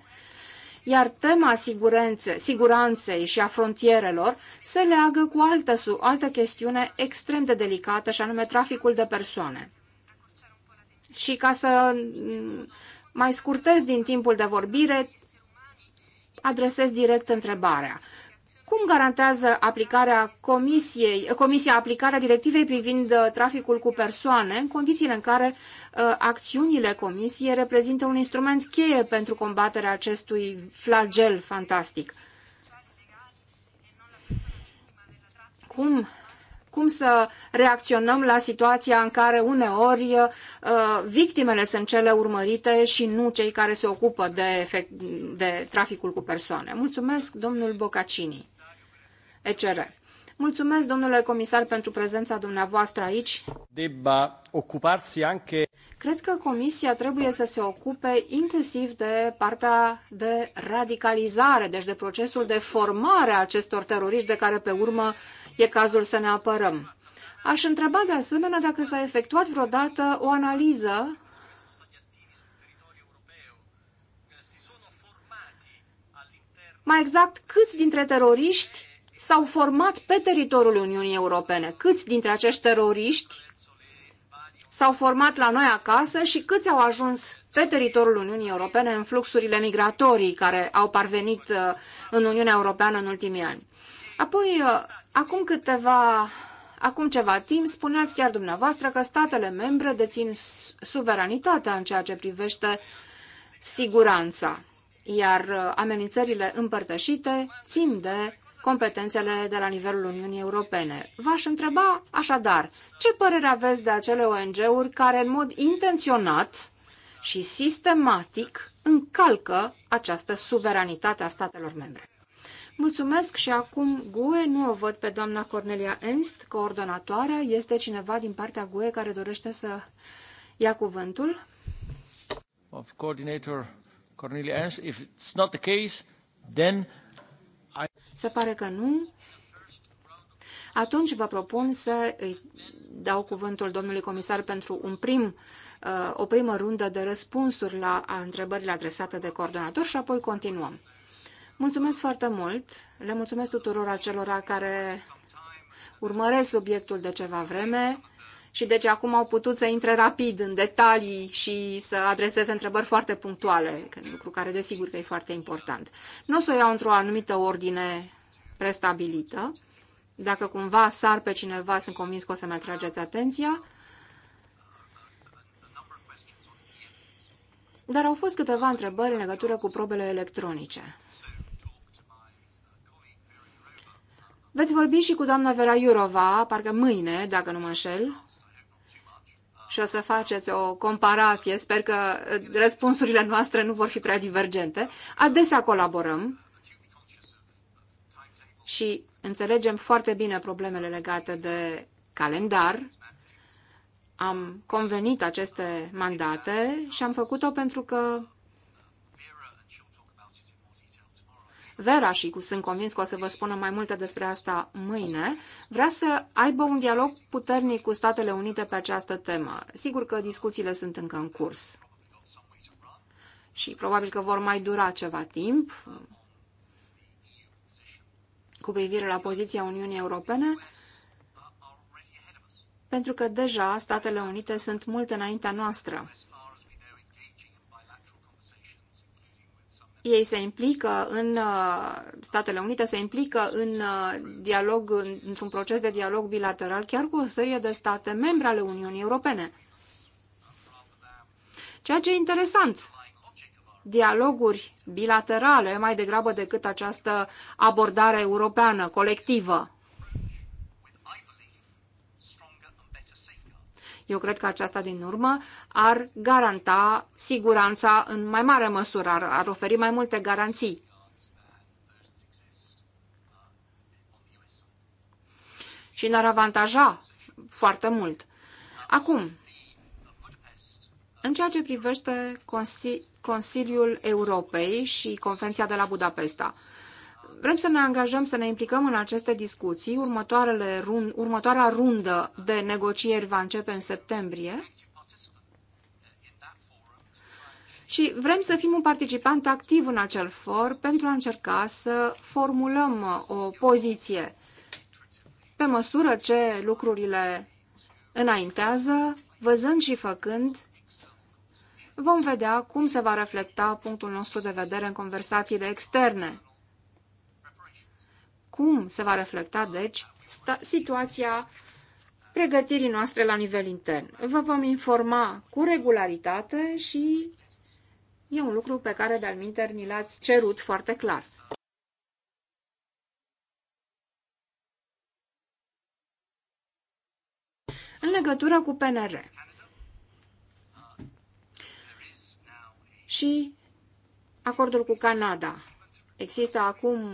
iar tema siguranță, siguranței și a frontierelor se leagă cu altă, altă chestiune extrem de delicată, și anume traficul de persoane. Și ca să mm, mai scurtez din timpul de vorbire, adresez direct întrebarea. Cum garantează aplicarea comisiei, Comisia aplicarea directivei privind uh, traficul cu persoane în condițiile în care uh, acțiunile Comisiei reprezintă un instrument cheie pentru combaterea acestui flagel fantastic? Cum cum să reacționăm la situația în care uneori uh, victimele sunt cele urmărite și nu cei care se ocupă de, efect, de traficul cu persoane. Mulțumesc, domnul Bocacini. ECR. Mulțumesc, domnule comisar, pentru prezența dumneavoastră aici. ocuparsi anche... Cred că comisia trebuie să se ocupe inclusiv de partea de radicalizare, deci de procesul de formare a acestor teroriști de care pe urmă e cazul să ne apărăm. Aș întreba de asemenea dacă s-a efectuat vreodată o analiză mai exact câți dintre teroriști s-au format pe teritoriul Uniunii Europene. Câți dintre acești teroriști s-au format la noi acasă și câți au ajuns pe teritoriul Uniunii Europene în fluxurile migratorii care au parvenit uh, în Uniunea Europeană în ultimii ani. Apoi, uh, acum câteva Acum ceva timp spuneați chiar dumneavoastră că statele membre dețin suveranitatea în ceea ce privește siguranța, iar uh, amenințările împărtășite țin de competențele de la nivelul Uniunii Europene. V-aș întreba așadar, ce părere aveți de acele ONG-uri care în mod intenționat și sistematic încalcă această suveranitate a statelor membre? Mulțumesc și acum GUE, nu o văd pe doamna Cornelia Enst, coordonatoarea, este cineva din partea GUE care dorește să ia cuvântul? Of coordinator Cornelia Ernst, if it's not the case, then I... Se pare că nu. Atunci vă propun să îi dau cuvântul domnului comisar pentru un prim, uh, o primă rundă de răspunsuri la întrebările adresate de coordonator și apoi continuăm. Mulțumesc foarte mult, le mulțumesc tuturor acelora care urmăresc subiectul de ceva vreme și deci acum au putut să intre rapid în detalii și să adreseze întrebări foarte punctuale, lucru care desigur că e foarte important. Nu o să o iau într-o anumită ordine prestabilită. Dacă cumva sar pe cineva, sunt convins că o să-mi atrageți atenția. Dar au fost câteva întrebări în legătură cu probele electronice. Veți vorbi și cu doamna Vera Iurova, parcă mâine, dacă nu mă înșel și o să faceți o comparație, sper că uh, răspunsurile noastre nu vor fi prea divergente, adesea colaborăm și înțelegem foarte bine problemele legate de calendar, am convenit aceste mandate și am făcut-o pentru că Vera și cu sunt convins că o să vă spună mai multe despre asta mâine, vrea să aibă un dialog puternic cu Statele Unite pe această temă. Sigur că discuțiile sunt încă în curs. Și probabil că vor mai dura ceva timp uh, cu privire la poziția Uniunii Europene, pentru că deja Statele Unite sunt mult înaintea noastră. ei se implică în uh, Statele Unite, se implică în uh, dialog, într-un proces de dialog bilateral chiar cu o serie de state membre ale Uniunii Europene. Ceea ce e interesant, dialoguri bilaterale mai degrabă decât această abordare europeană colectivă. Eu cred că aceasta din urmă ar garanta siguranța în mai mare măsură, ar, ar oferi mai multe garanții. Și ne-ar avantaja foarte mult. Acum, în ceea ce privește Consiliul Europei și Convenția de la Budapesta, Vrem să ne angajăm, să ne implicăm în aceste discuții. Următoarele rund, următoarea rundă de negocieri va începe în septembrie. Și vrem să fim un participant activ în acel for pentru a încerca să formulăm uh, o poziție. Pe măsură ce lucrurile înaintează, văzând și făcând, vom vedea cum se va reflecta punctul nostru de vedere în conversațiile externe cum se va reflecta, deci, situația pregătirii noastre la nivel intern. Vă vom informa cu regularitate și e un lucru pe care, de-al minter, ni l-ați cerut foarte clar. În legătură cu PNR și acordul cu Canada, Există acum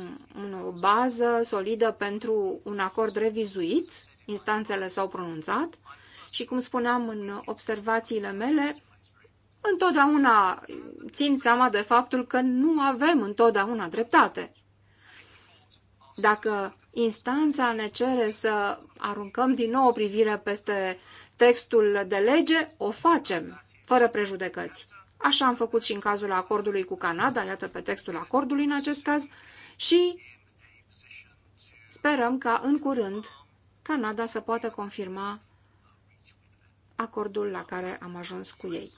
o bază solidă pentru un acord revizuit, instanțele s-au pronunțat și, cum spuneam în observațiile mele, întotdeauna țin seama de faptul că nu avem întotdeauna dreptate. Dacă instanța ne cere să aruncăm din nou o privire peste textul de lege, o facem, fără prejudecăți. Așa am făcut și în cazul acordului cu Canada, iată pe textul acordului în acest caz, și sperăm ca în curând Canada să poată confirma acordul la care am ajuns cu ei.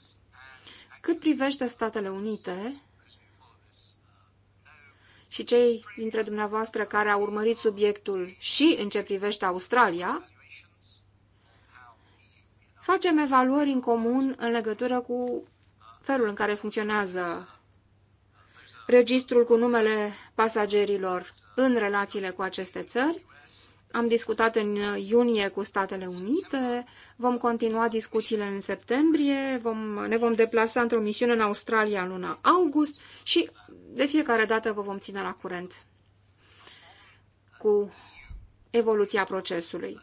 Cât privește Statele Unite și cei dintre dumneavoastră care au urmărit subiectul și în ce privește Australia, facem evaluări în comun în legătură cu felul în care funcționează registrul cu numele pasagerilor în relațiile cu aceste țări. Am discutat în iunie cu Statele Unite, vom continua discuțiile în septembrie, vom, ne vom deplasa într-o misiune în Australia în luna august și de fiecare dată vă vom ține la curent cu evoluția procesului.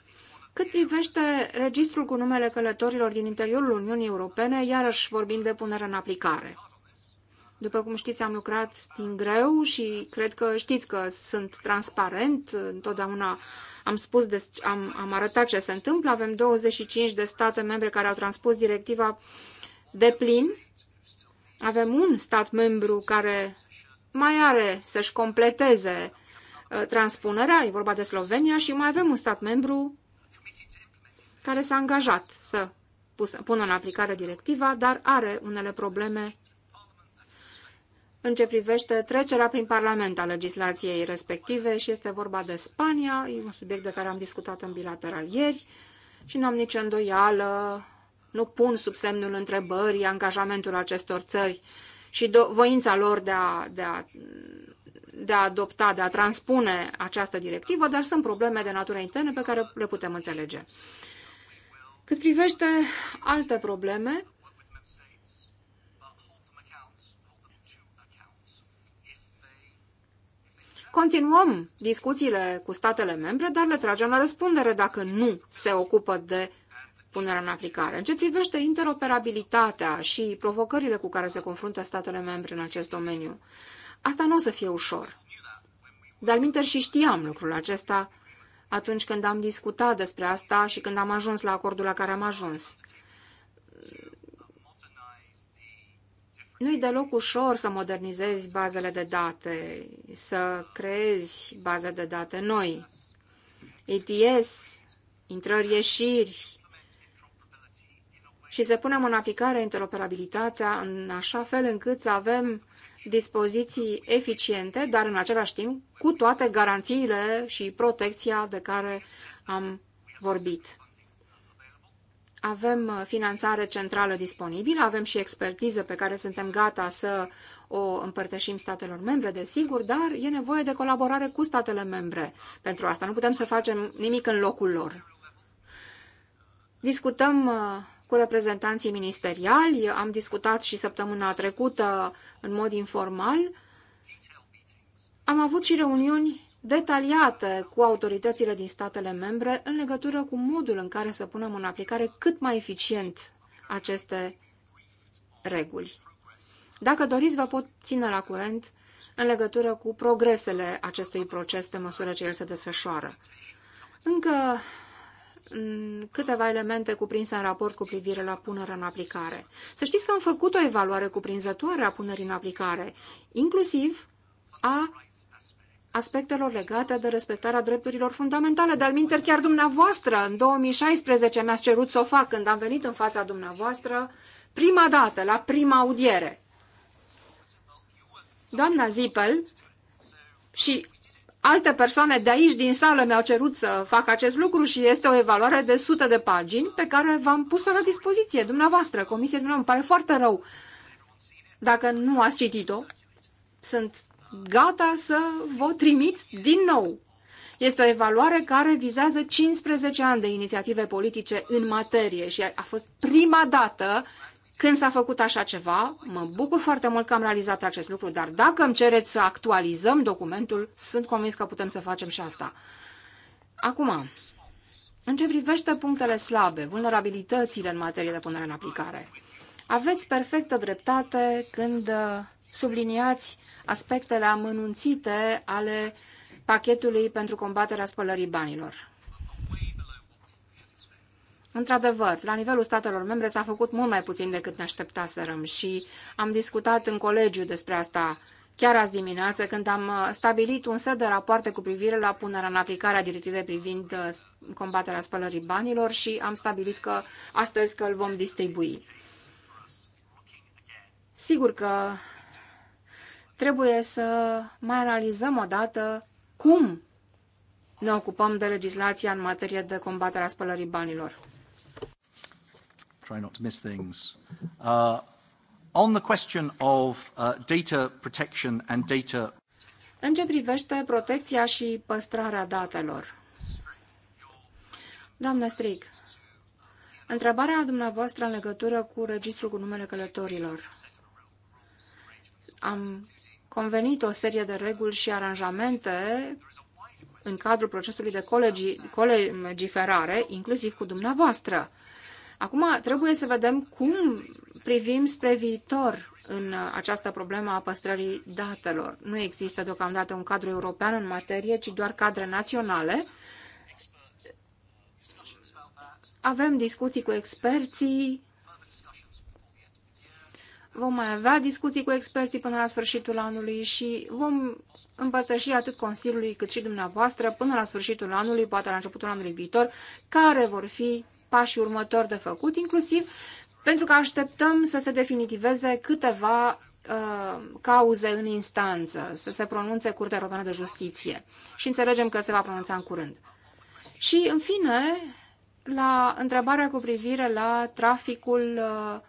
Cât privește registrul cu numele călătorilor din interiorul Uniunii Europene, iarăși vorbim de punere în aplicare. După cum știți, am lucrat din greu și cred că știți că sunt transparent. Întotdeauna am, spus de, am, am arătat ce se întâmplă. Avem 25 de state membre care au transpus directiva de plin. Avem un stat membru care mai are să-și completeze uh, transpunerea, e vorba de Slovenia, și mai avem un stat membru care s-a angajat să pună în aplicare directiva, dar are unele probleme în ce privește trecerea prin Parlament a legislației respective și este vorba de Spania, e un subiect de care am discutat în bilateral ieri și nu am nicio îndoială, nu pun sub semnul întrebării angajamentul acestor țări și do- voința lor de a, de, a, de a adopta, de a transpune această directivă, dar sunt probleme de natură internă pe care le putem înțelege. Cât privește alte probleme, Continuăm discuțiile cu statele membre, dar le tragem la răspundere dacă nu se ocupă de punerea în aplicare. În ce privește interoperabilitatea și provocările cu care se confruntă statele membre în acest domeniu, asta nu o să fie ușor. Dar minter și știam lucrul acesta atunci când am discutat despre asta și când am ajuns la acordul la care am ajuns. Nu-i deloc ușor să modernizezi bazele de date, să creezi baze de date noi. ETS, intrări-ieșiri și să punem în aplicare interoperabilitatea în așa fel încât să avem dispoziții eficiente, dar în același timp cu toate garanțiile și protecția de care am vorbit. Avem finanțare centrală disponibilă, avem și expertiză pe care suntem gata să o împărtășim statelor membre, desigur, dar e nevoie de colaborare cu statele membre. Pentru asta nu putem să facem nimic în locul lor. Discutăm uh, cu reprezentanții ministeriali, am discutat și săptămâna trecută în mod informal. Am avut și reuniuni detaliate cu autoritățile din statele membre în legătură cu modul în care să punem în aplicare cât mai eficient aceste reguli. Dacă doriți, vă pot ține la curent în legătură cu progresele acestui proces pe măsură ce el se desfășoară. Încă câteva elemente cuprinse în raport cu privire la punerea în aplicare. Să știți că am făcut o evaluare cuprinzătoare a punerii în aplicare, inclusiv a aspectelor legate de respectarea drepturilor fundamentale. Dar minter chiar dumneavoastră, în 2016 mi-ați cerut să o fac când am venit în fața dumneavoastră, prima dată, la prima audiere. Doamna Zipel și Alte persoane de aici, din sală, mi-au cerut să fac acest lucru și este o evaluare de sute de pagini pe care v-am pus-o la dispoziție dumneavoastră, comisie dumneavoastră. Îmi pare foarte rău dacă nu ați citit-o. Sunt gata să vă trimit din nou. Este o evaluare care vizează 15 ani de inițiative politice în materie și a fost prima dată când s-a făcut așa ceva. Mă bucur foarte mult că am realizat acest lucru, dar dacă îmi cereți să actualizăm documentul, sunt convins că putem să facem și asta. Acum, în ce privește punctele slabe, vulnerabilitățile în materie de punere în aplicare, aveți perfectă dreptate când uh, subliniați aspectele amănunțite ale pachetului pentru combaterea spălării banilor. Într-adevăr, la nivelul statelor membre s-a făcut mult mai puțin decât ne așteptaserăm și am discutat în colegiu despre asta chiar azi dimineață când am uh, stabilit un set de rapoarte cu privire la punerea în aplicare a directivei privind uh, combaterea spălării banilor și am stabilit că astăzi că îl vom distribui. Sigur că trebuie să mai analizăm dată cum ne ocupăm de legislația în materie de combaterea spălării banilor try not to miss things. Uh, on the question of uh, data protection and data în ce privește protecția și păstrarea datelor. Doamnă Stric, întrebarea dumneavoastră în legătură cu registrul cu numele călătorilor. Am convenit o serie de reguli și aranjamente în cadrul procesului de colegi, colegiferare, inclusiv cu dumneavoastră. Acum trebuie să vedem cum privim spre viitor în uh, această problemă a păstrării datelor. Nu există deocamdată un cadru european în materie, ci doar cadre naționale. Avem discuții cu experții, vom mai avea discuții cu experții până la sfârșitul anului și vom împărtăși atât Consiliului cât și dumneavoastră până la sfârșitul anului, poate la începutul anului viitor, care vor fi pașii următori de făcut, inclusiv pentru că așteptăm să se definitiveze câteva uh, cauze în instanță, să se pronunțe Curtea Europeană de Justiție. Și înțelegem că se va pronunța în curând. Și, în fine, la întrebarea cu privire la traficul uh,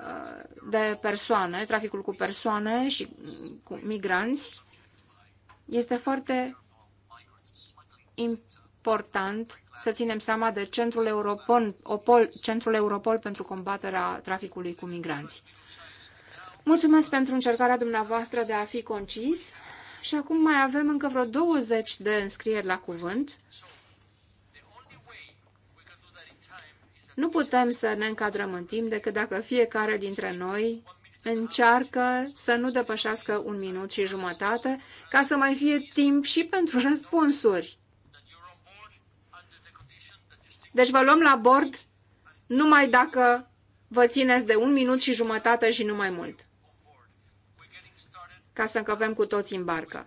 uh de persoane, traficul cu persoane și cu migranți, este foarte important să ținem seama de Centrul Europol, Opol, Centrul Europol pentru combaterea traficului cu migranți. Mulțumesc pentru încercarea dumneavoastră de a fi concis și acum mai avem încă vreo 20 de înscrieri la cuvânt. Nu putem să ne încadrăm în timp decât dacă fiecare dintre noi încearcă să nu depășească un minut și jumătate ca să mai fie timp și pentru răspunsuri. Deci vă luăm la bord numai dacă vă țineți de un minut și jumătate și nu mai mult. Ca să încăpem cu toți în barcă.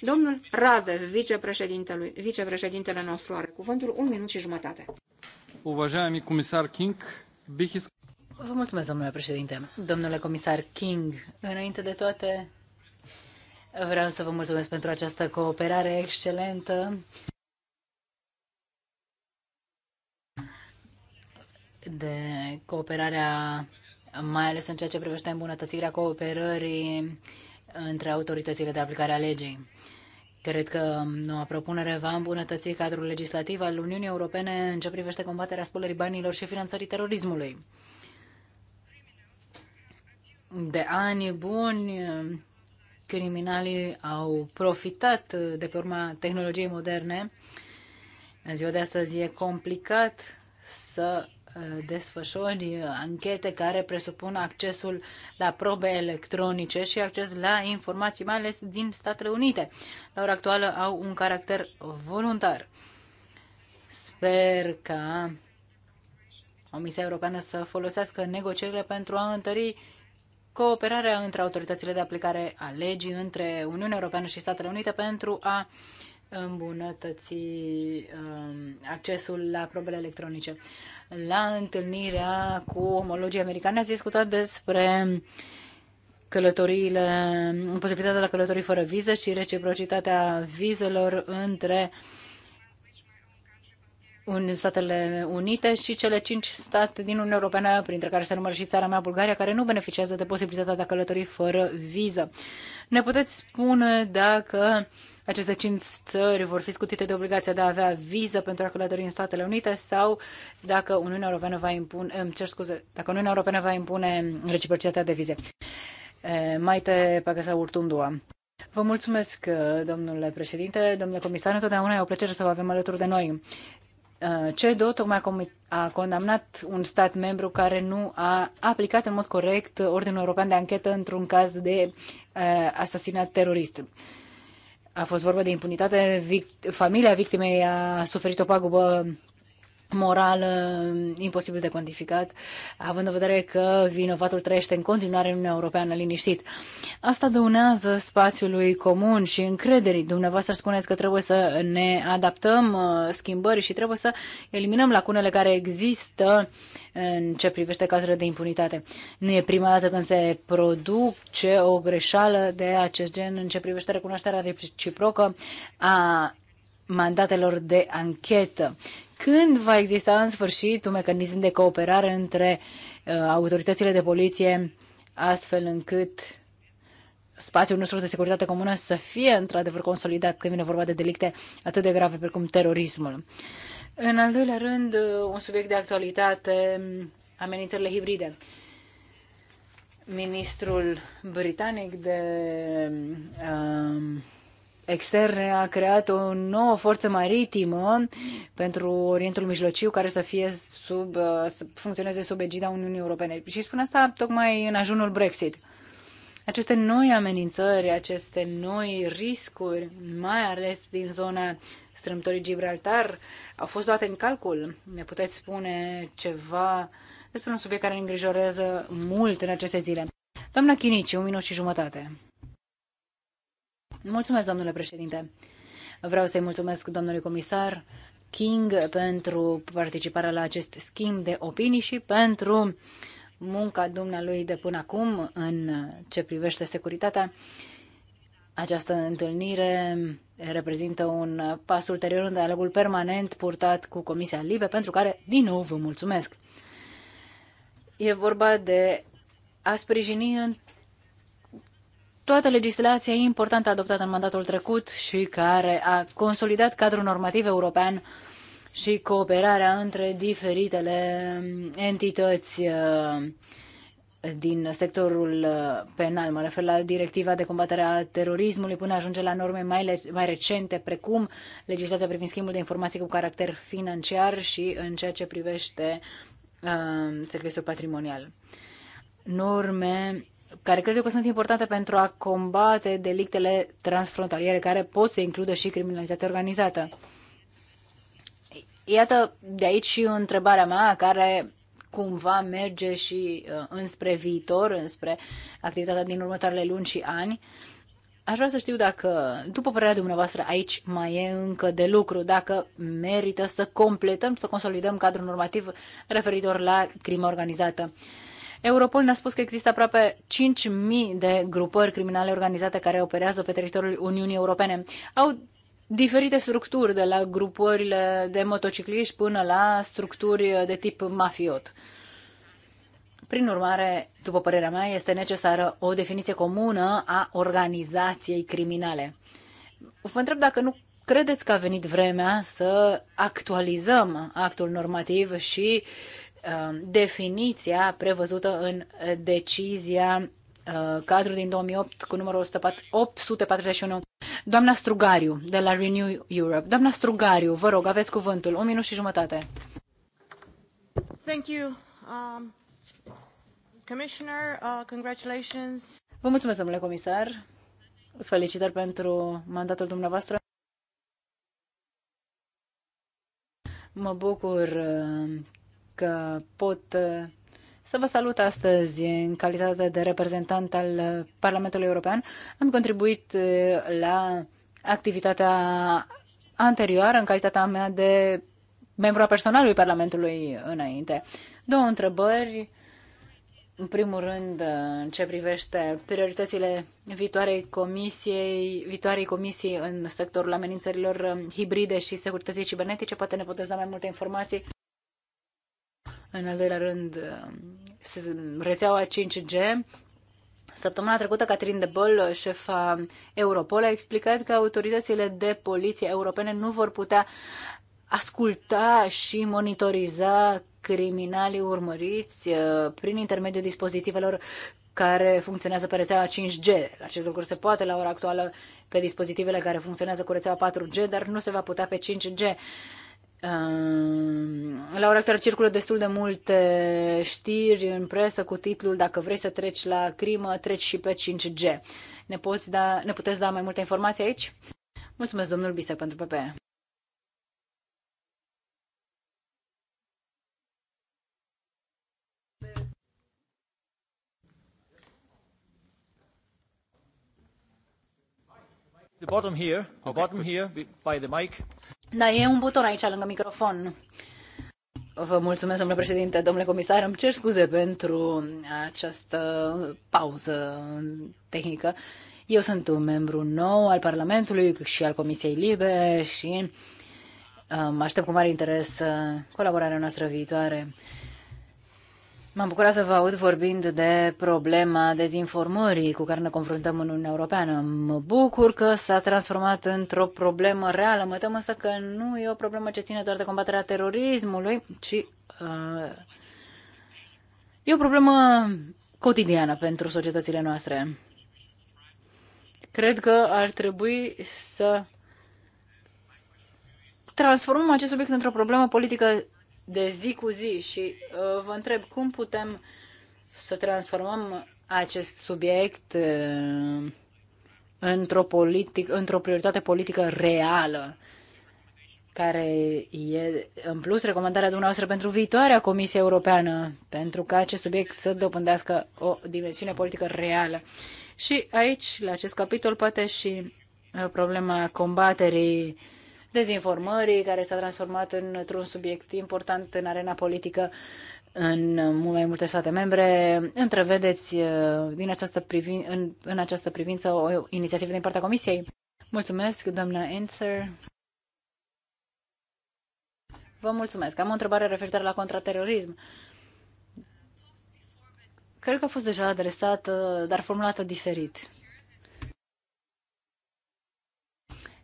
Domnul Rade, vicepreședintele, vicepreședintele nostru, are cuvântul un minut și jumătate. Уважаемый comisar King, Vă mulțumesc, domnule președinte. Domnule comisar King, înainte de toate, Vreau să vă mulțumesc pentru această cooperare excelentă. de cooperarea, mai ales în ceea ce privește îmbunătățirea cooperării între autoritățile de aplicare a legii. Cred că noua propunere va îmbunătăți cadrul legislativ al Uniunii Europene în ce privește combaterea spălării banilor și finanțării terorismului. De ani buni, criminalii au profitat uh, de pe urma tehnologiei moderne. În ziua de astăzi e complicat să uh, desfășori uh, anchete care presupun accesul la probe electronice și acces la informații, mai ales din Statele Unite. La ora actuală au un caracter voluntar. Sper ca Comisia Europeană să folosească negocierile pentru a întări cooperarea între autoritățile de aplicare a legii, între Uniunea Europeană și Statele Unite pentru a îmbunătăți um, accesul la probele electronice. La întâlnirea cu omologii americani ați discutat despre călătoriile, posibilitatea de călătorii fără viză și reciprocitatea vizelor între uh, în Statele Unite și cele cinci state din Uniunea Europeană, printre care se numără și țara mea, Bulgaria, care nu beneficiază de posibilitatea de a călători fără viză. Ne puteți spune dacă aceste cinci țări vor fi scutite de obligația de a avea viză pentru a călători în Statele Unite sau dacă Uniunea Europeană va impune, îmi cer scuze, dacă Uniunea Europeană va impune reciprocitatea de vize. pagă să Urtundua. Vă mulțumesc, domnule președinte, domnule comisar, întotdeauna e o plăcere să vă avem alături de noi. Uh, CEDO tocmai a condamnat un stat membru care nu a aplicat în mod corect Ordinul European de Anchetă într-un caz de uh, asasinat terorist. A fost vorba de impunitate, familia victimei a suferit o pagubă moral imposibil de cuantificat, având în vedere că vinovatul trăiește în continuare în Uniunea Europeană liniștit. Asta dăunează spațiului comun și încrederii. Dumneavoastră spuneți că trebuie să ne adaptăm uh, schimbării și trebuie să eliminăm lacunele care există în ce privește cazurile de impunitate. Nu e prima dată când se produce o greșeală de acest gen în ce privește recunoașterea reciprocă a mandatelor de anchetă când va exista în sfârșit un mecanism de cooperare între uh, autoritățile de poliție, astfel încât spațiul nostru de securitate comună să fie într-adevăr consolidat când vine vorba de delicte atât de grave precum terorismul. În al doilea rând, uh, un subiect de actualitate, amenințările hibride. Ministrul britanic de um, externe a creat o nouă forță maritimă pentru Orientul Mijlociu care să fie sub, uh, să funcționeze sub egida Uniunii Europene. Și spun asta tocmai în ajunul Brexit. Aceste noi amenințări, aceste noi riscuri, mai ales din zona strâmtorii Gibraltar, au fost luate în calcul. Ne puteți spune ceva despre un subiect care ne îngrijorează mult în aceste zile. Doamna Chinici, un minut și jumătate. Mulțumesc, domnule președinte. Vreau să-i mulțumesc domnului comisar King pentru participarea la acest schimb de opinii și pentru munca dumnealui de până acum în ce privește securitatea. Această întâlnire reprezintă un pas ulterior în dialogul permanent purtat cu Comisia Libe, pentru care, din nou, vă mulțumesc. E vorba de a sprijini în toată legislația importantă adoptată în mandatul trecut și care a consolidat cadrul normativ european și cooperarea între diferitele entități uh, din sectorul uh, penal. Mă refer la directiva de combatere a terorismului până ajunge la norme mai, mai recente, precum legislația privind schimbul de informații cu caracter financiar și în ceea ce privește uh, secretul patrimonial. Norme care cred eu că sunt importante pentru a combate delictele transfrontaliere care pot să includă și criminalitatea organizată. Iată de aici și întrebarea mea care cumva merge și uh, înspre viitor, înspre activitatea din următoarele luni și ani. Aș vrea să știu dacă, după părerea dumneavoastră, aici mai e încă de lucru, dacă merită să completăm, să consolidăm cadrul normativ referitor la crimă organizată. Uh, Europol ne-a spus că există aproape 5.000 de grupări criminale organizate care operează pe teritoriul Uniunii Europene. Au diferite structuri, de la grupările de motocicliști până la structuri de tip mafiot. Prin urmare, după părerea mea, este necesară o definiție comună a organizației criminale. Vă întreb dacă nu credeți că a venit vremea să actualizăm actul normativ și Um, definiția prevăzută în decizia uh, cadru din 2008 cu numărul 841. Doamna Strugariu, de la Renew Europe. Doamna Strugariu, vă rog, aveți cuvântul. Un minut și jumătate. Thank you, um, Commissioner. Uh, congratulations. Vă mulțumesc, domnule comisar. Felicitări pentru mandatul dumneavoastră. Mă bucur uh, pot uh, să vă salut astăzi în calitate de reprezentant al Parlamentului European. Am contribuit uh, la activitatea anterioară în calitatea mea de membru a personalului Parlamentului înainte. Două întrebări. În primul rând, uh, în ce privește prioritățile viitoarei comisiei, viitoarei comisii în sectorul amenințărilor hibride și securității cibernetice, poate ne puteți da mai multe informații. În al doilea rând, um, rețeaua 5G. Săptămâna trecută, Catherine de Boll, șefa Europol, a explicat că autoritățile de poliție europene nu vor putea asculta și monitoriza criminalii urmăriți uh, prin intermediul dispozitivelor care funcționează pe rețeaua 5G. Acest lucru se poate la ora actuală pe dispozitivele care funcționează cu rețeaua 4G, dar nu se va putea pe 5G. Ehm, la ora actuală circulă destul de multe știri în presă cu titlul Dacă vrei să treci la crimă, treci și pe 5G. Ne, poți da, ne puteți da mai multe informații aici? Mulțumesc, domnul Bisec, pentru PP. The bottom here, the okay, bottom good. here by the mic. Da, e un buton aici lângă microfon. Vă mulțumesc, domnule președinte, domnule comisar. Îmi cer scuze pentru această pauză tehnică. Eu sunt un membru nou al Parlamentului și al Comisiei Libe și um, aștept cu mare interes uh, colaborarea noastră viitoare. M-am bucurat să vă aud vorbind de problema dezinformării cu care ne confruntăm în Uniunea Europeană. Mă bucur că s-a transformat într-o problemă reală. Mă tem însă că nu e o problemă ce ține doar de combaterea terorismului, ci uh, e o problemă cotidiană pentru societățile noastre. Cred că ar trebui să transformăm acest subiect într-o problemă politică de zi cu zi și uh, vă întreb cum putem să transformăm acest subiect uh, într-o, politic, într prioritate politică reală care e în plus recomandarea dumneavoastră pentru viitoarea Comisie Europeană, pentru ca acest subiect să dobândească o dimensiune politică reală. Și aici, la acest capitol, poate și uh, problema combaterii uh, dezinformării, care s-a transformat într-un subiect important în arena politică în mult mai multe state membre. Întrevedeți uh, din această privin- în, în această privință o inițiativă din partea Comisiei? Mulțumesc, doamna Enser. Vă mulțumesc. Am o întrebare referitoare la contraterorism. Cred că a fost deja adresată, dar formulată diferit.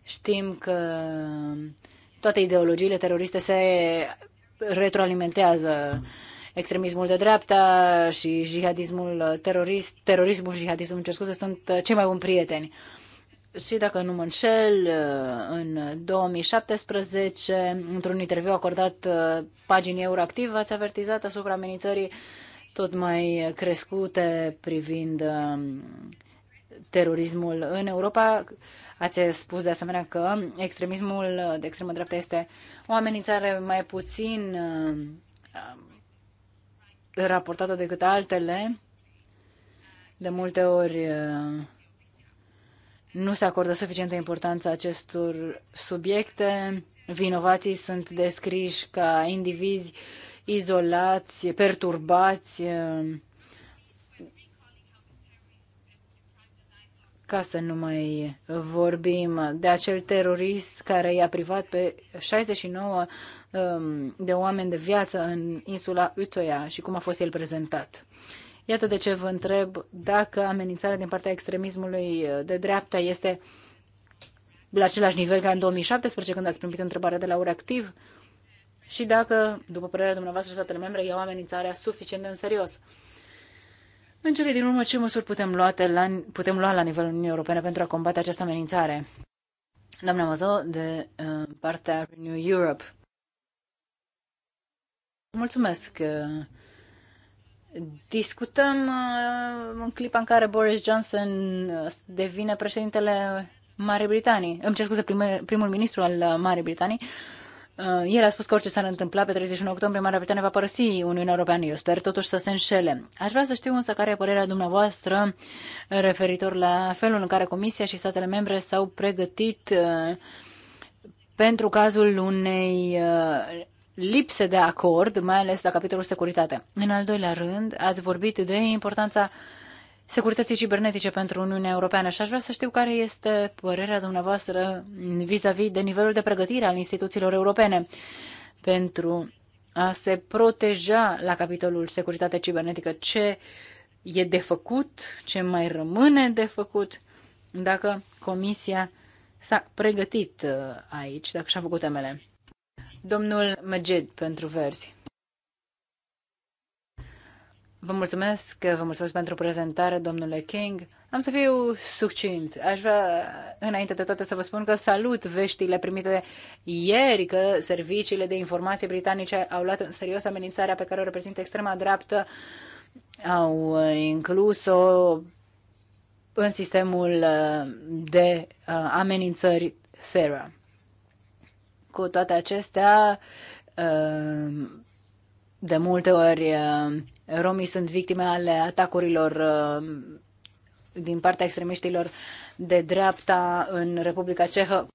Știm că toate ideologiile teroriste se retroalimentează extremismul de dreapta și jihadismul terorist, terorismul și jihadismul, cer scuze, sunt cei mai buni prieteni. Și dacă nu mă înșel, în 2017, într-un interviu acordat uh, paginii Euroactiv, ați avertizat asupra amenințării tot mai crescute privind um, terorismul în Europa, Ați spus de asemenea că extremismul de extremă dreaptă este o amenințare mai puțin uh, uh, raportată decât altele. De multe ori uh, nu se acordă suficientă importanță acestor subiecte. Vinovații sunt descriși ca indivizi izolați, perturbați, ca să nu mai vorbim de acel terorist care i-a privat pe 69 um, de oameni de viață în insula Utoya și cum a fost el prezentat. Iată de ce vă întreb dacă amenințarea din partea extremismului de dreapta este la același nivel ca în 2017, când ați primit întrebarea de la Uractiv, și dacă, după părerea dumneavoastră, statele membre iau amenințarea suficient de în serios. În cele din urmă, ce măsuri putem, lua, la, putem lua la nivelul Uniunii Europene pentru a combate această amenințare? Doamna Mazo, de uh, partea Renew Europe. Mulțumesc. Uh, discutăm uh, în clipa în care Boris Johnson uh, devine președintele Marii Britanii. Îmi cer scuze, primul, primul ministru al uh, Marii Britanii. Uh, Uh, el a spus că orice s-ar întâmpla pe 31 octombrie, Marea Britanie va părăsi Uniunea Europeană. Eu sper totuși să se înșele. Aș vrea să știu însă care e părerea dumneavoastră referitor la felul în care Comisia și statele membre s-au pregătit uh, pentru cazul unei uh, lipse de acord, mai ales la capitolul securitate. În al doilea rând, ați vorbit de importanța uh, securității cibernetice pentru Uniunea Europeană și aș vrea să știu care este părerea dumneavoastră vis-a-vis -vis de nivelul de pregătire al instituțiilor europene pentru a se proteja la capitolul securitate cibernetică. Ce e de făcut, ce mai rămâne de făcut, dacă Comisia s-a pregătit uh, aici, dacă și-a făcut temele. Domnul Meged pentru verzi. Vă mulțumesc, vă mulțumesc pentru prezentare, domnule King. Am să fiu succint. Aș vrea, înainte de toate, să vă spun că salut veștile primite ieri că serviciile de informație britanice au luat în serios amenințarea pe care o reprezintă extrema dreaptă, au inclus-o în sistemul uh, de uh, amenințări SERA. Cu toate acestea, uh, de multe ori Romii sunt victime ale atacurilor uh, din partea extremiștilor de dreapta în Republica Cehă.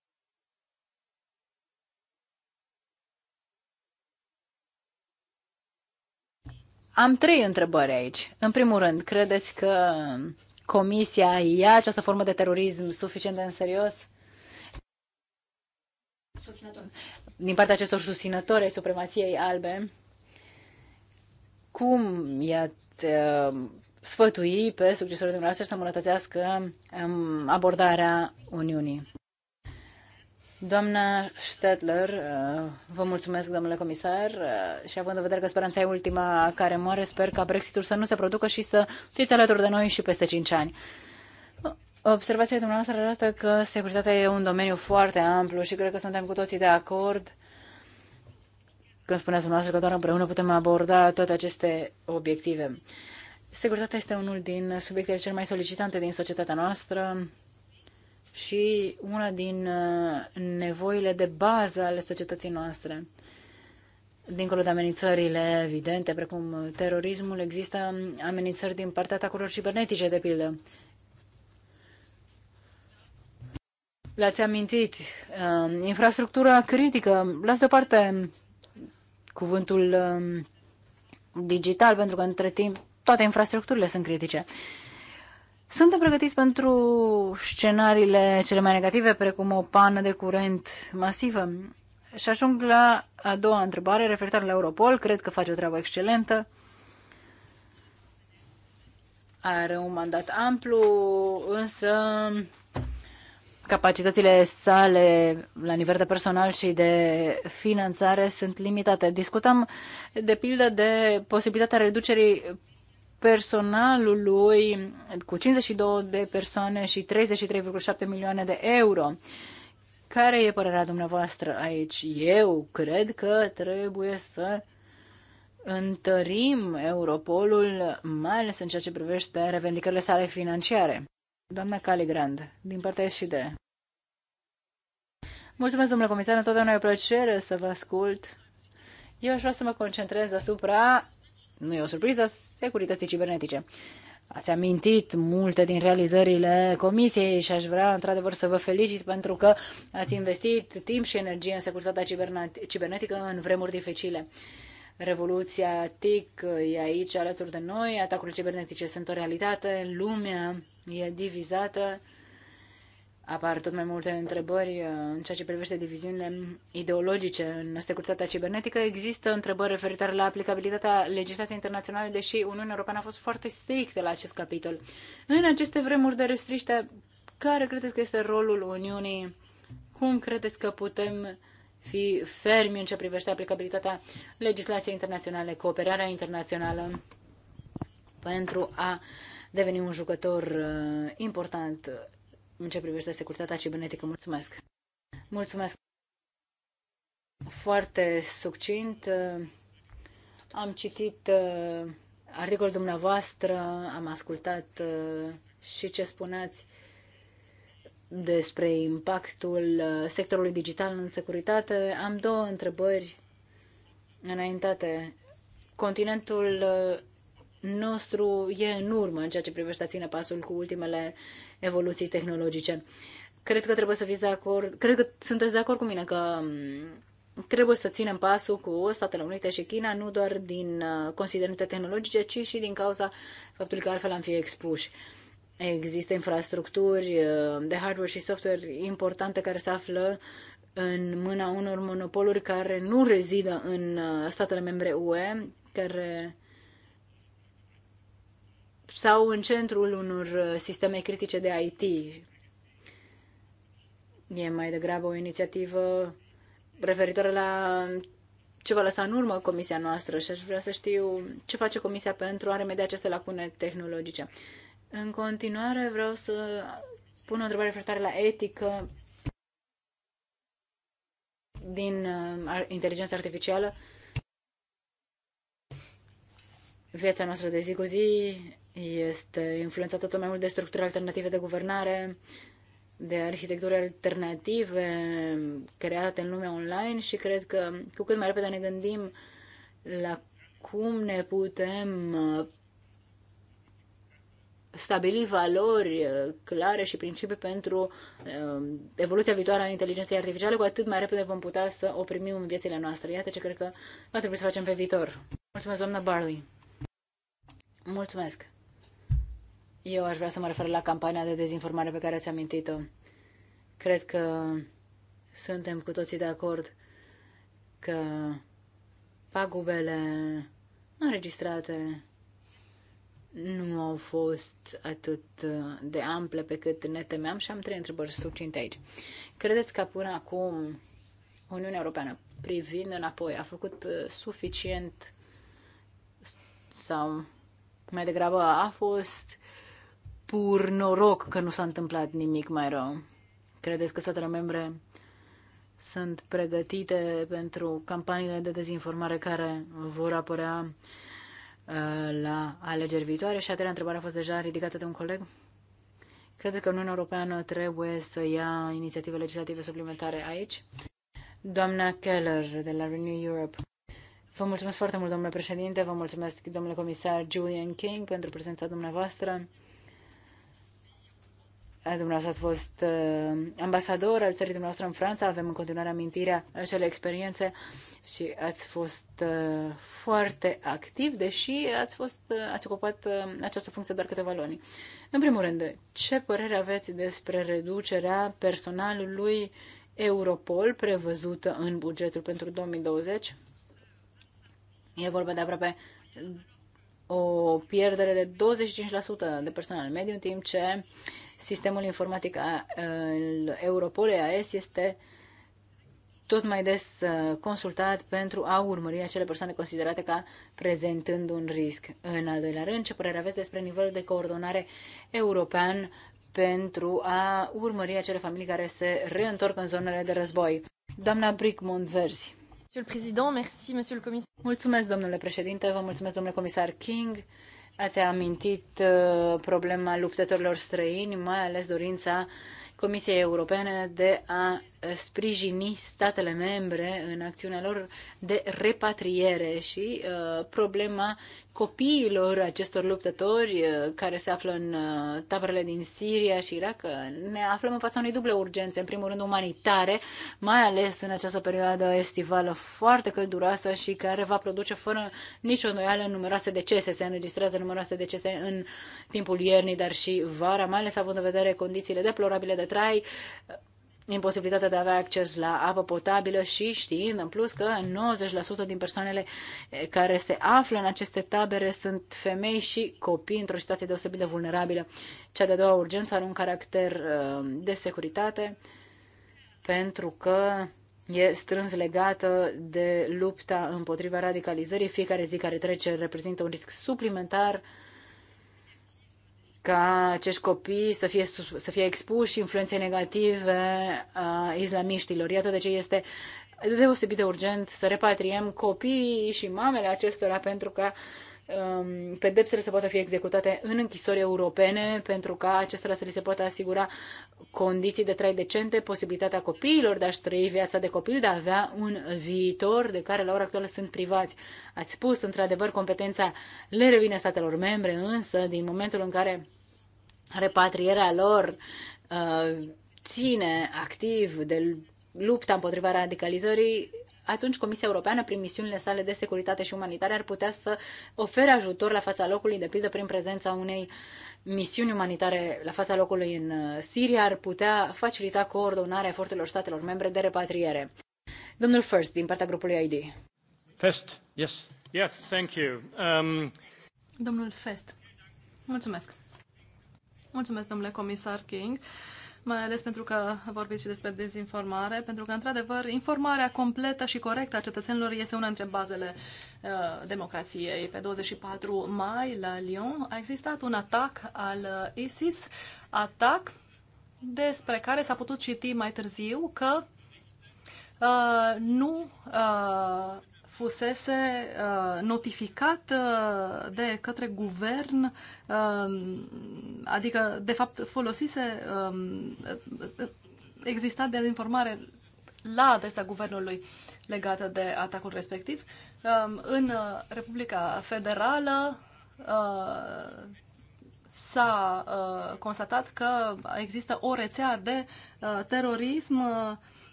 Am trei întrebări aici. În primul rând, credeți că Comisia ia această formă de terorism suficient de în serios? Susținător. Din partea acestor susținători ai supremației albe, cum i-a uh, sfătui pe succesorul dumneavoastră să îmbunătățească um, abordarea Uniunii. Doamna Stetler, uh, vă mulțumesc, domnule comisar, uh, și având în vedere că speranța e ultima care moare, sper ca Brexitul să nu se producă și să fiți alături de noi și peste 5 ani. Observațiile dumneavoastră arată că securitatea e un domeniu foarte amplu și cred că suntem cu toții de acord când spuneați dumneavoastră că doar împreună putem aborda toate aceste obiective. Securitatea este unul din subiectele cel mai solicitante din societatea noastră și una din uh, nevoile de bază ale societății noastre. Dincolo de amenințările evidente, precum terorismul, există amenințări din partea atacurilor cibernetice, de pildă. l ați amintit, uh, infrastructura critică, las deoparte cuvântul um, digital, pentru că între timp toate infrastructurile sunt critice. Suntem pregătiți pentru scenariile cele mai negative, precum o pană de curent masivă. Și ajung la a doua întrebare referitoare la Europol. Cred că face o treabă excelentă. Are un mandat amplu, însă capacitățile sale la nivel de personal și de finanțare sunt limitate. Discutăm, de pildă, de posibilitatea reducerii personalului cu 52 de persoane și 33,7 milioane de euro. Care e părerea dumneavoastră aici? Eu cred că trebuie să întărim Europolul, mai ales în ceea ce privește revendicările sale financiare. Doamna Caligrand, din partea și de Mulțumesc, domnule comisar, întotdeauna e o plăcere să vă ascult. Eu aș vrea să mă concentrez asupra, nu e o surpriză, securității cibernetice. Ați amintit multe din realizările comisiei și aș vrea într-adevăr să vă felicit pentru că ați investit timp și energie în securitatea cibernetică în vremuri dificile. Revoluția TIC e aici alături de noi, atacurile cibernetice sunt o realitate, lumea e divizată apar tot mai multe întrebări uh, în ceea ce privește diviziunile ideologice în securitatea cibernetică. Există întrebări referitoare la aplicabilitatea legislației internaționale, deși Uniunea Europeană a fost foarte strictă la acest capitol. În aceste vremuri de restriște, care credeți că este rolul Uniunii? Cum credeți că putem fi fermi în ce privește aplicabilitatea legislației internaționale, cooperarea internațională pentru a deveni un jucător uh, important în ce privește securitatea cibernetică. Mulțumesc! Mulțumesc! Foarte succint. Am citit uh, articolul dumneavoastră, am ascultat uh, și ce spuneați despre impactul uh, sectorului digital în securitate. Am două întrebări înaintate. Continentul nostru e în urmă în ceea ce privește a ține pasul cu ultimele evoluții tehnologice. Cred că trebuie să fiți de acord, cred că sunteți de acord cu mine că mm, trebuie să ținem pasul cu Statele Unite și China, nu doar din uh, considerente tehnologice, ci și din cauza faptului că altfel am fi expuși. Există infrastructuri uh, de hardware și software importante care se află în mâna unor monopoluri care nu rezidă în uh, statele membre UE, care sau în centrul unor uh, sisteme critice de IT. E mai degrabă o inițiativă referitoare la ce va lăsa în urmă comisia noastră și aș vrea să știu ce face comisia pentru a remedia aceste lacune tehnologice. În continuare vreau să pun o întrebare referitoare la etică din uh, inteligența artificială. Viața noastră de zi cu zi este influențată tot mai mult de structuri alternative de guvernare, de arhitecturi alternative create în lumea online și cred că cu cât mai repede ne gândim la cum ne putem uh, stabili valori uh, clare și principii pentru uh, evoluția viitoare a inteligenței artificiale, cu atât mai repede vom putea să o primim în viețile noastre. Iată ce cred că va trebui să facem pe viitor. Mulțumesc, doamna Barley. Mulțumesc. Eu aș vrea să mă refer la campania de dezinformare pe care ți-am mintit o Cred că suntem cu toții de acord că pagubele înregistrate nu au fost atât de ample pe cât ne temeam și am trei întrebări succinte aici. Credeți că până acum Uniunea Europeană, privind înapoi, a făcut uh, suficient sau mai degrabă a fost pur noroc că nu s-a întâmplat nimic mai rău. Credeți că statele membre sunt pregătite pentru campaniile de dezinformare care vor apărea uh, la alegeri viitoare? Și a treia întrebare a fost deja ridicată de un coleg. Credeți că Uniunea Europeană trebuie să ia inițiative legislative suplimentare aici? Doamna Keller de la Renew Europe. Vă mulțumesc foarte mult, domnule președinte, vă mulțumesc, domnule comisar Julian King, pentru prezența dumneavoastră. Dumneavoastră ați fost uh, ambasador al țării dumneavoastră în Franța, avem în continuare amintirea acelei experiențe și ați fost uh, foarte activ, deși ați, fost, uh, ați ocupat această funcție doar câteva luni. În primul rând, ce părere aveți despre reducerea personalului Europol prevăzută în bugetul pentru 2020? E vorba de aproape o pierdere de 25% de personal mediu, în timp ce Sistemul informatic al Europolei AES este tot mai des uh, consultat pentru a urmări acele persoane considerate ca prezentând un risc. În al doilea rând, ce părere aveți despre nivelul de coordonare european pentru a urmări acele familii care se reîntorc în zonele de război? Doamna Brickmont Verzi. Mulțumesc, domnule președinte, vă mulțumesc, domnule comisar King. Ați amintit uh, problema luptătorilor străini, mai ales dorința Comisiei Europene de a sprijini statele membre în acțiunea lor de repatriere și uh, problema copiilor acestor luptători uh, care se află în uh, taberele din Siria și Irak. Uh, ne aflăm în fața unei duble urgențe, în primul rând umanitare, mai ales în această perioadă estivală foarte călduroasă și care va produce fără nicio îndoială numeroase decese. Se înregistrează numeroase decese în timpul iernii, dar și vara, mai ales având în vedere condițiile deplorabile de trai, imposibilitatea de a avea acces la apă potabilă și știind în plus că 90% din persoanele care se află în aceste tabere sunt femei și copii într-o situație deosebit de vulnerabilă. Cea de-a doua urgență are un caracter uh, de securitate pentru că e strâns legată de lupta împotriva radicalizării. Fiecare zi care trece reprezintă un risc suplimentar ca acești copii să fie, să fie expuși influenței negative a islamiștilor. Iată de ce este deosebit de urgent să repatriem copiii și mamele acestora pentru ca um, pedepsele să poată fi executate în închisori europene pentru ca acestora să li se poată asigura condiții de trai decente, posibilitatea copiilor de a-și trăi viața de copil, de a avea un viitor de care la ora actuală sunt privați. Ați spus, într-adevăr, competența le revine statelor membre, însă din momentul în care repatrierea lor uh, ține activ de lupta împotriva radicalizării, atunci Comisia Europeană, prin misiunile sale de securitate și umanitare, ar putea să ofere ajutor la fața locului, de pildă prin prezența unei misiuni umanitare la fața locului în uh, Siria, ar putea facilita coordonarea eforturilor statelor membre de repatriere. Domnul First, din partea grupului ID. First, yes. Yes, thank you. Um... Domnul Fest. Mulțumesc. Mulțumesc, domnule comisar King. Uh, mai ales pentru că vorbiți și despre dezinformare, pentru că, într-adevăr, informarea completă și corectă a cetățenilor este una dintre bazele uh, democrației. Pe 24 mai, la Lyon, a existat un atac al uh, ISIS, atac despre care s-a putut citi mai târziu că uh, nu uh, fusese uh, notificat uh, de către guvern, uh, adică, de fapt, folosise, uh, exista de informare la adresa guvernului legată de atacul respectiv. Um, uh, în Republica Federală uh, s-a uh, constatat că există o rețea de uh, terorism uh,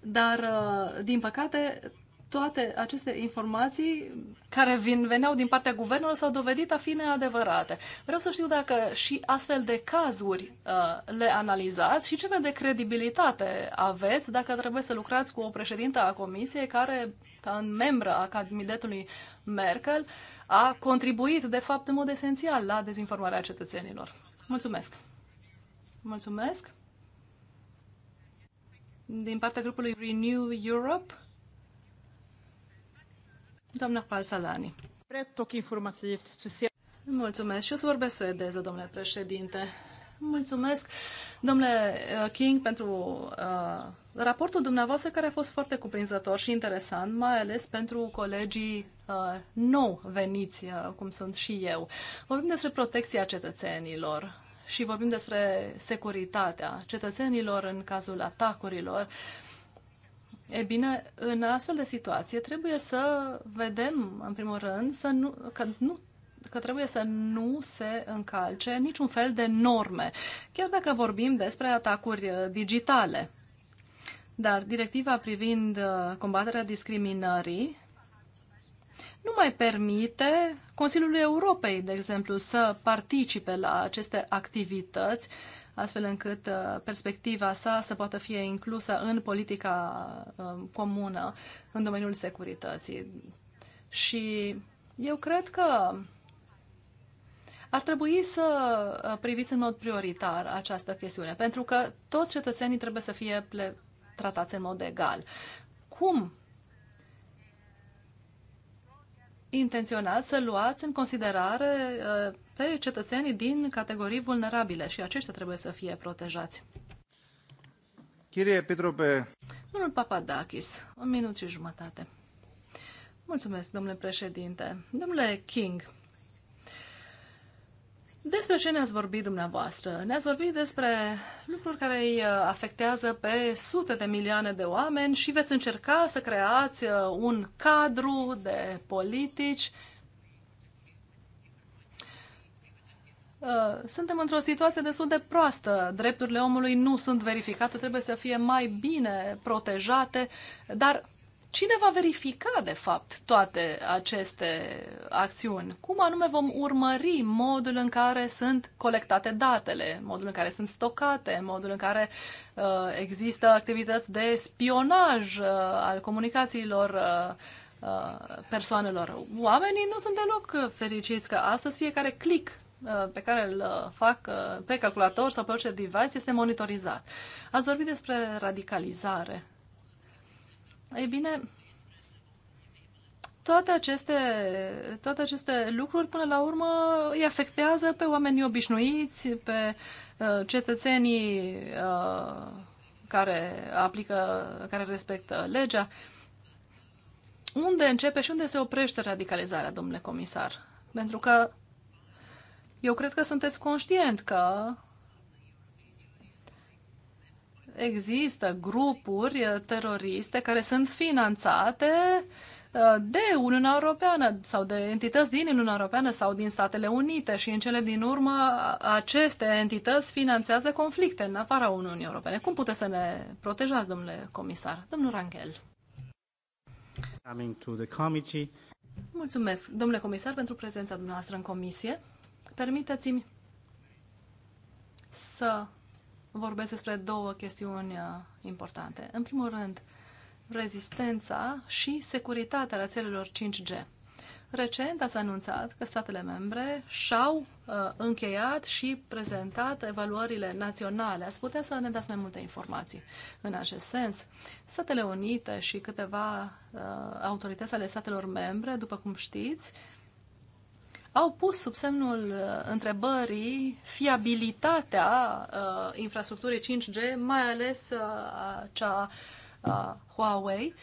dar, uh, din păcate, toate aceste informații care vin, veneau din partea guvernului s-au dovedit a fi neadevărate. Vreau să știu dacă și astfel de cazuri uh, le analizați și ce fel de credibilitate aveți dacă trebuie să lucrați cu o președintă a comisiei care, ca în membră a cabinetului Merkel, a contribuit, de fapt, în mod esențial la dezinformarea cetățenilor. Mulțumesc! Mulțumesc! Din partea grupului Renew Europe, Doamna Palsalani. Mulțumesc și o să vorbesc suedeză, domnule președinte. Mulțumesc, domnule uh, King, pentru uh, raportul dumneavoastră care a fost foarte cuprinzător și interesant, mai ales pentru colegii uh, nou veniți, uh, cum sunt și eu. Vorbim despre protecția cetățenilor și vorbim despre securitatea cetățenilor în cazul atacurilor. E bine, în astfel de situație trebuie să vedem, în primul rând, să nu, că, nu, că trebuie să nu se încalce niciun fel de norme, chiar dacă vorbim despre atacuri digitale. Dar directiva privind uh, combaterea discriminării nu mai permite Consiliului Europei, de exemplu, să participe la aceste activități uh, astfel încât uh, perspectiva sa să poată fi inclusă în politica uh, comună în domeniul securității. Și eu cred că ar trebui să uh, priviți în mod prioritar această chestiune, pentru că toți cetățenii trebuie să fie tratați în mod egal. Cum intenționați să luați în considerare uh, pe cetățenii din categorii vulnerabile și aceștia trebuie să fie protejați. Chirie Pitrope. Domnul Papadakis, un minut și jumătate. Mulțumesc, domnule președinte. Domnule King, despre ce ne-ați vorbit dumneavoastră? Ne-ați vorbit despre lucruri care îi uh, afectează pe sute de milioane de oameni și veți încerca să creați uh, un cadru de politici. Uh, suntem într-o situație destul de proastă. Drepturile omului nu sunt verificate, trebuie să fie mai bine protejate, dar Cine va verifica, de fapt, toate aceste acțiuni? Cum anume vom urmări modul în care sunt colectate datele, modul în care sunt stocate, modul în care uh, există activități de spionaj uh, al comunicațiilor uh, uh persoanelor. Oamenii nu sunt deloc fericiți că astăzi fiecare click uh, pe care îl uh, fac pe calculator sau pe orice device este monitorizat. Ați vorbit despre radicalizare. Ei bine, toate aceste, toate aceste lucruri, până la urmă, îi afectează pe oamenii obișnuiți, pe uh, cetățenii uh, care aplică, care respectă legea. Unde începe și unde se oprește radicalizarea, domnule comisar? Pentru că eu cred că sunteți conștient că există grupuri eh, teroriste care sunt finanțate eh, de Uniunea Europeană sau de entități din Uniunea Europeană sau din Statele Unite și în cele din urmă aceste entități finanțează conflicte în afara Uniunii Europene. Cum puteți să ne protejați, domnule comisar? Domnul Rangel. Mulțumesc, domnule comisar, pentru prezența dumneavoastră în comisie. Permiteți-mi să vorbesc despre două chestiuni uh, importante. În primul rând, rezistența și securitatea rețelelor 5G. Recent ați anunțat că statele membre și-au uh, încheiat și prezentat evaluările naționale. Ați putea să ne dați mai multe informații în acest sens. Statele Unite și câteva uh, autorități ale statelor membre, după cum știți, au pus sub semnul uh, întrebării fiabilitatea uh, infrastructurii 5G, mai ales uh, cea uh, Huawei.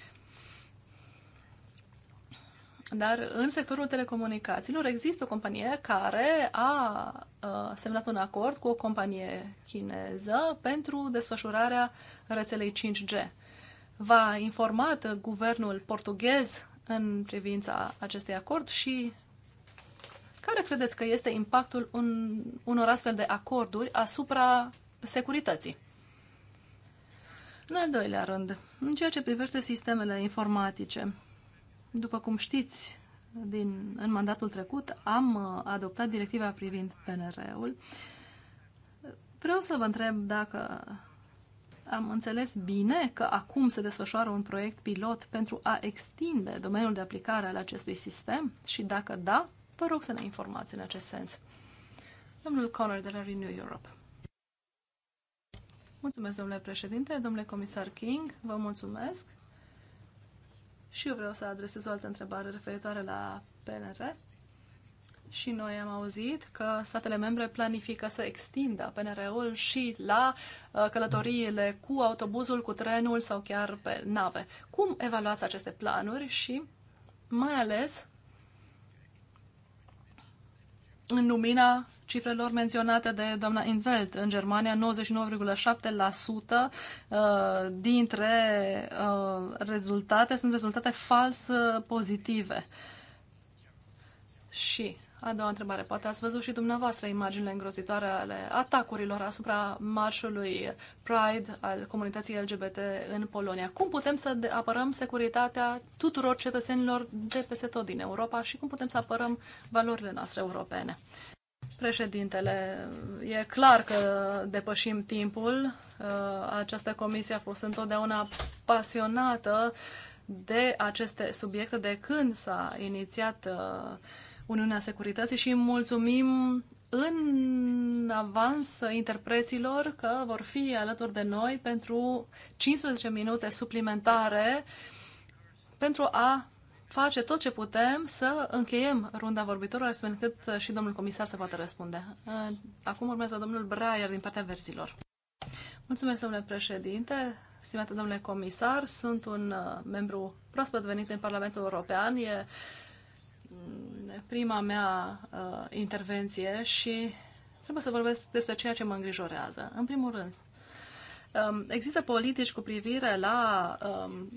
Dar în sectorul telecomunicațiilor există o companie care a uh, semnat un acord cu o companie chineză pentru desfășurarea rețelei 5G. Va informat guvernul portughez în privința acestui acord și care credeți că este impactul un, unor astfel de acorduri asupra securității? În al doilea rând, în ceea ce privește sistemele informatice, după cum știți, din, în mandatul trecut am uh, adoptat directiva privind PNR-ul. Vreau să vă întreb dacă am înțeles bine că acum se desfășoară un proiect pilot pentru a extinde domeniul de aplicare al acestui sistem și dacă da, Vă rog să ne informați în acest sens. Domnul Conner de la Renew Europe. Mulțumesc, domnule președinte, domnule comisar King, vă mulțumesc. Și eu vreau să adresez o altă întrebare referitoare la PNR. Și noi am auzit că statele membre planifică să extindă PNR-ul și la uh, călătoriile cu autobuzul, cu trenul sau chiar pe nave. Cum evaluați aceste planuri și mai ales în lumina cifrelor menționate de doamna Invelt, în Germania 99,7% uh, dintre uh, rezultate sunt rezultate fals uh, pozitive. Și a doua întrebare. Poate ați văzut și dumneavoastră imaginile îngrozitoare ale atacurilor asupra marșului Pride al comunității LGBT în Polonia. Cum putem să apărăm securitatea tuturor cetățenilor de peste tot din Europa și cum putem să apărăm valorile noastre europene? Președintele, e clar că depășim timpul. Uh, această comisie a fost întotdeauna pasionată de aceste subiecte de când s-a inițiat uh, Uniunea Securității și mulțumim în avans interpreților că vor fi alături de noi pentru 15 minute suplimentare pentru a face tot ce putem să încheiem runda vorbitorilor, astfel încât și domnul comisar să poată răspunde. Acum urmează domnul Braier din partea verzilor. Mulțumesc, domnule președinte, stimate domnule comisar, sunt un uh, membru proaspăt venit în Parlamentul European, e prima mea uh, intervenție și trebuie să vorbesc despre ceea ce mă îngrijorează. În primul rând, um, există politici cu privire la um,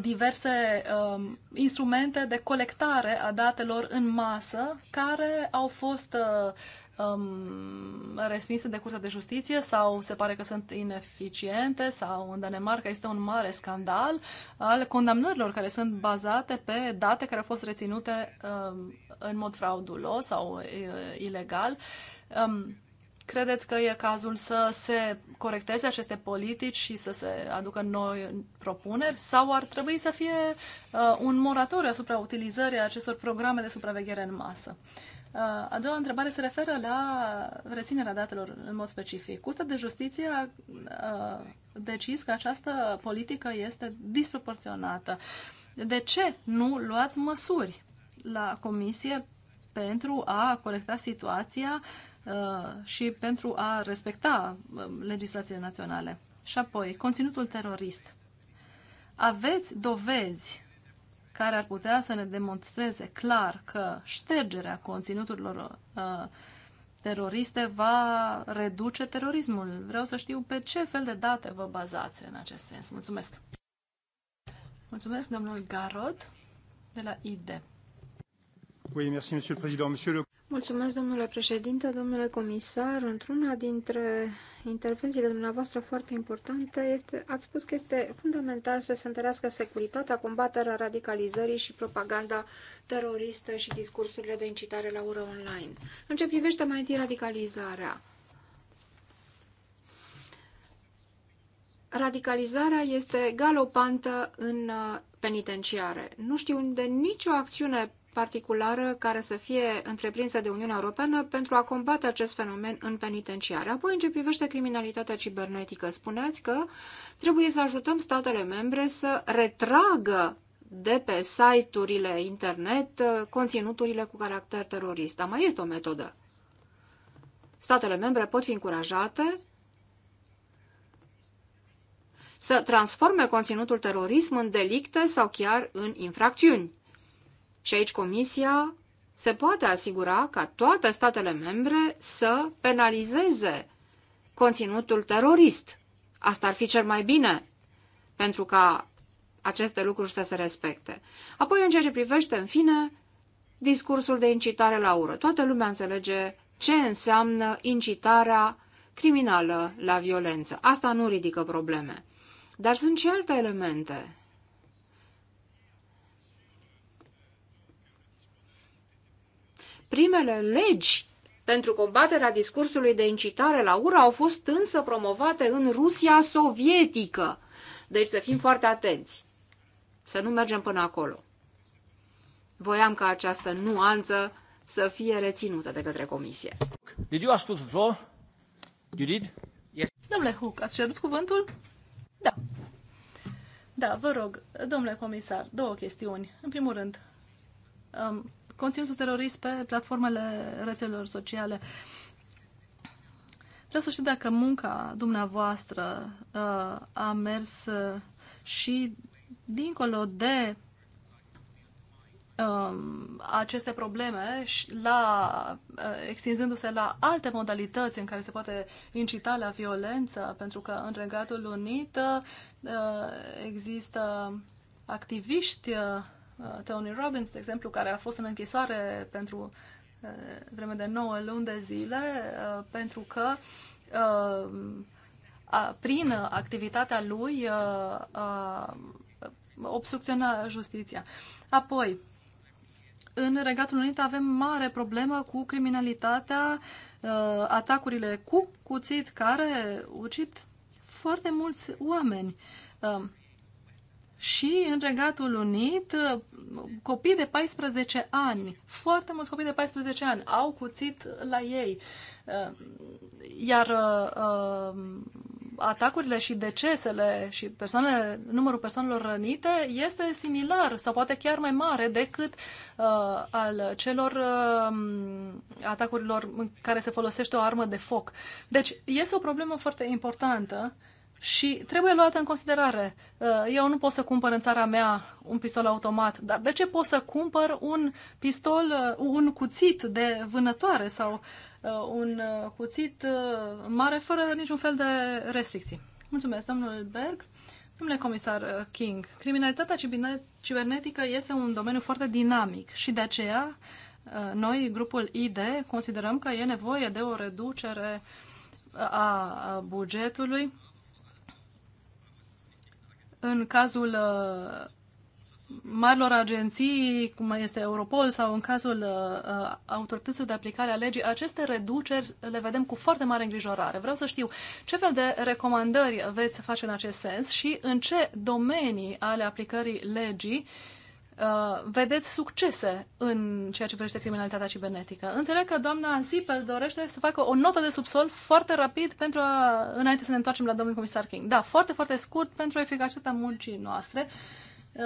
diverse um, instrumente de colectare a datelor în masă care au fost uh, um, resmise de Curtea de Justiție sau se pare că sunt ineficiente sau în Danemarca este un mare scandal al condamnărilor care sunt bazate pe date care au fost reținute um, în mod fraudulos sau uh, ilegal. Um, Credeți că e cazul să se corecteze aceste politici și să se aducă noi propuneri sau ar trebui să fie uh, un moratoriu asupra utilizării acestor programe de supraveghere în masă? Uh, Uh, a doua întrebare se referă la reținerea datelor în mod specific. Curtea de Justiție a, uh, decis că această politică este disproporționată. De ce nu luați măsuri la comisie pentru a corecta situația uh, și pentru a respecta legislațiile naționale? Și apoi, conținutul terorist. Aveți dovezi care ar putea să ne demonstreze clar că ștergerea conținuturilor uh, teroriste va reduce terorismul. Vreau să știu pe ce fel de date vă bazați în acest sens. Mulțumesc! Mulțumesc, domnul Garot, de la ID. Oui, merci, monsieur le président. Monsieur le... Mulțumesc, domnule președinte, domnule comisar. Într-una dintre intervențiile dumneavoastră foarte importante, este, ați spus că este fundamental să se întărească securitatea, combaterea radicalizării și propaganda teroristă și discursurile de incitare la ură online. În ce privește mai întâi radicalizarea, radicalizarea este galopantă în uh, penitenciare. Nu știu unde nicio acțiune particulară care să fie întreprinsă de Uniunea Europeană pentru a combate acest fenomen în penitenciare. Apoi, în ce privește criminalitatea cibernetică, spuneați că trebuie să ajutăm statele membre să retragă de pe site-urile internet uh, conținuturile cu caracter terorist. Dar mai este o metodă. Statele membre pot fi încurajate să transforme conținutul terorism în delicte sau chiar în infracțiuni. Și aici Comisia se poate asigura ca toate statele membre să penalizeze conținutul terorist. Asta ar fi cel mai bine, pentru ca aceste lucruri să se respecte. Apoi, în ceea ce privește, în fine, discursul de incitare la ură. Toată lumea înțelege ce înseamnă incitarea criminală la violență. Asta nu ridică probleme. Dar sunt și alte elemente Primele legi pentru combaterea discursului de incitare la ură au fost însă promovate în Rusia sovietică. Deci să fim foarte atenți, să nu mergem până acolo. Voiam ca această nuanță să fie reținută de către comisie. Did you ask the floor? You did? Yes. Domnule Huc, ați cerut cuvântul? Da. Da, vă rog, domnule comisar, două chestiuni. În primul rând, um, conținutul terorist pe platformele rețelelor sociale. Vreau să știu dacă munca dumneavoastră uh, a mers uh, și dincolo de um, aceste probleme la, uh, extinzându-se la alte modalități în care se poate incita la violență, pentru că în Regatul Unit există activiști Uh, Tony Robbins, de exemplu, care a fost în închisoare pentru uh, vreme de 9 luni de zile, uh, pentru că prin activitatea lui obstrucționa justiția. Apoi, în Regatul Unit avem mare problemă cu criminalitatea, atacurile cu cuțit care ucid foarte mulți oameni și în Regatul Unit copii de 14 ani, foarte mulți copii de 14 ani au cuțit la ei. Uh, iar uh, atacurile și decesele și persoane, numărul persoanelor rănite este similar sau poate chiar mai mare decât uh, al celor uh, atacurilor în care se folosește o armă de foc. Deci este o problemă foarte importantă și trebuie luată în considerare. Uh, eu nu pot să cumpăr în țara mea un pistol automat, dar de ce pot să cumpăr un pistol, uh, un cuțit de vânătoare sau uh, un cuțit mare fără niciun fel de restricții? Mulțumesc, domnul Berg. Domnule comisar King, criminalitatea cibernetică este un domeniu foarte dinamic și de aceea noi, grupul ID, considerăm că e nevoie de o reducere a bugetului în cazul uh, marilor agenții, cum este Europol sau în cazul uh, uh, autorităților de aplicare a legii, aceste reduceri le vedem cu foarte mare îngrijorare. Vreau să știu ce fel de recomandări veți face în acest sens și în ce domenii ale aplicării legii uh, Uh, vedeți succese în ceea ce privește criminalitatea cibernetică. Înțeleg că doamna Zipel dorește să facă o notă de subsol foarte rapid pentru a, înainte să ne întoarcem la domnul comisar King. Da, foarte, foarte scurt pentru eficacitatea muncii noastre. Uh,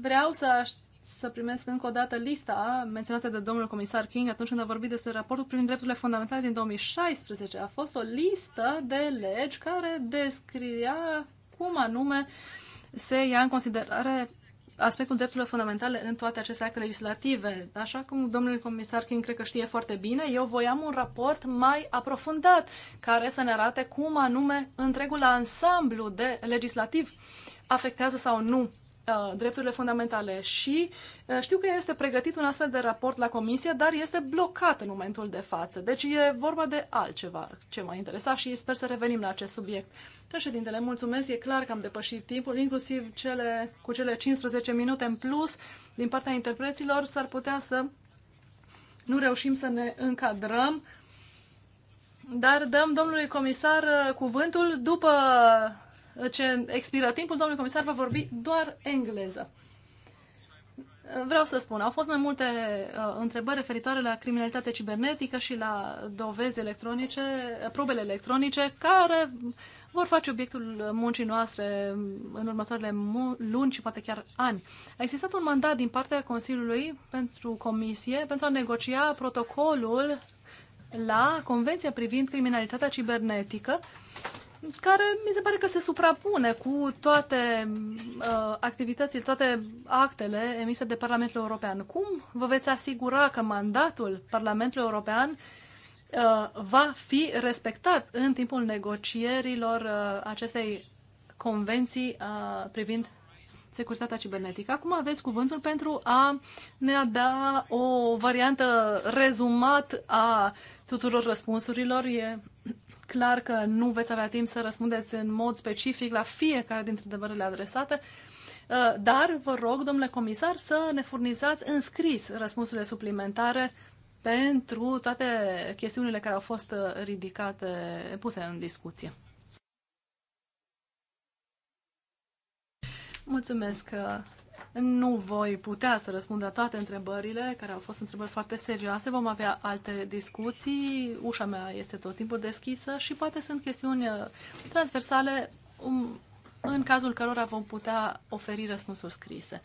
vreau să, să primesc încă o dată lista menționată de domnul comisar King atunci când a vorbit despre raportul privind drepturile fundamentale din 2016. A fost o listă de legi care descria cum anume se ia în considerare aspectul drepturilor fundamentale în toate aceste acte legislative. Așa cum domnul comisar King cred că știe foarte bine, eu voiam un raport mai aprofundat care să ne arate cum anume întregul ansamblu de legislativ afectează sau nu Uh, drepturile fundamentale și uh, știu că este pregătit un astfel de raport la comisie, dar este blocat în momentul de față. Deci e vorba de altceva ce m-a interesat și sper să revenim la acest subiect. Președintele, mulțumesc, e clar că am depășit timpul, inclusiv cele, cu cele 15 minute în plus din partea interpreților, s-ar putea să nu reușim să ne încadrăm. Dar dăm domnului comisar uh, cuvântul după ce expiră timpul, domnul comisar va vorbi doar engleză. Vreau să spun, au fost mai multe uh, întrebări referitoare la criminalitate cibernetică și la dovezi electronice, probele electronice, care vor face obiectul muncii noastre în următoarele luni și poate chiar ani. A existat un mandat din partea Consiliului pentru Comisie pentru a negocia protocolul la Convenția privind criminalitatea cibernetică care mi se pare că se suprapune cu toate uh, activitățile, toate actele emise de Parlamentul European. Cum vă veți asigura că mandatul Parlamentului European uh, va fi respectat în timpul negocierilor uh, acestei convenții uh, privind securitatea cibernetică. Acum aveți cuvântul pentru a ne da o variantă rezumat a tuturor răspunsurilor. E clar că nu veți avea timp să răspundeți în mod specific la fiecare dintre întrebările adresate, uh, dar vă rog, domnule comisar, să ne furnizați în scris răspunsurile suplimentare pentru toate chestiunile care au fost uh, ridicate, puse în discuție. Mulțumesc, uh, nu voi putea să răspund la toate întrebările, care au fost întrebări foarte serioase. Vom avea alte discuții. Ușa mea este tot timpul deschisă și poate sunt chestiuni uh, transversale um, în cazul cărora vom putea oferi răspunsuri scrise.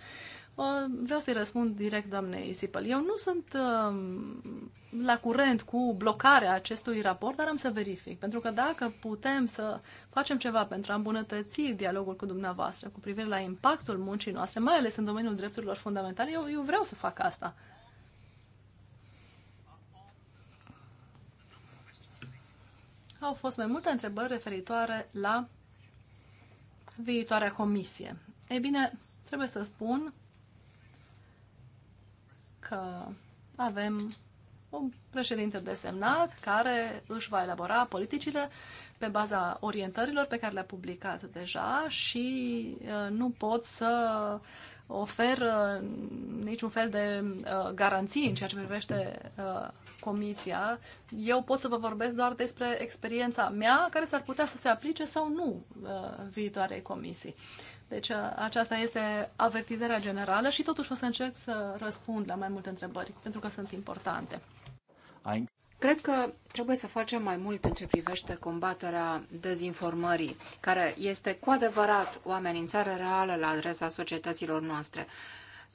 Vreau să-i răspund direct doamnei Sipel. Eu nu sunt um, la curent cu blocarea acestui raport, dar am să verific. Pentru că dacă putem să facem ceva pentru a îmbunătăți dialogul cu dumneavoastră cu privire la impactul muncii noastre, mai ales în domeniul drepturilor fundamentale, eu, eu vreau să fac asta. Au fost mai multe întrebări referitoare la viitoarea comisie. Ei bine, trebuie să spun că avem un președinte desemnat care își va elabora politicile pe baza orientărilor pe care le-a publicat deja și uh, nu pot să ofer uh, niciun fel de uh, garanții în ceea ce privește comisia. Eu pot să vă vorbesc doar despre experiența mea care s-ar putea să se aplice sau nu viitoarei comisii. Deci aceasta este avertizarea generală și totuși o să încerc să răspund la mai multe întrebări, pentru că sunt importante. Cred că trebuie să facem mai mult în ce privește combaterea dezinformării, care este cu adevărat o amenințare reală la adresa societăților noastre,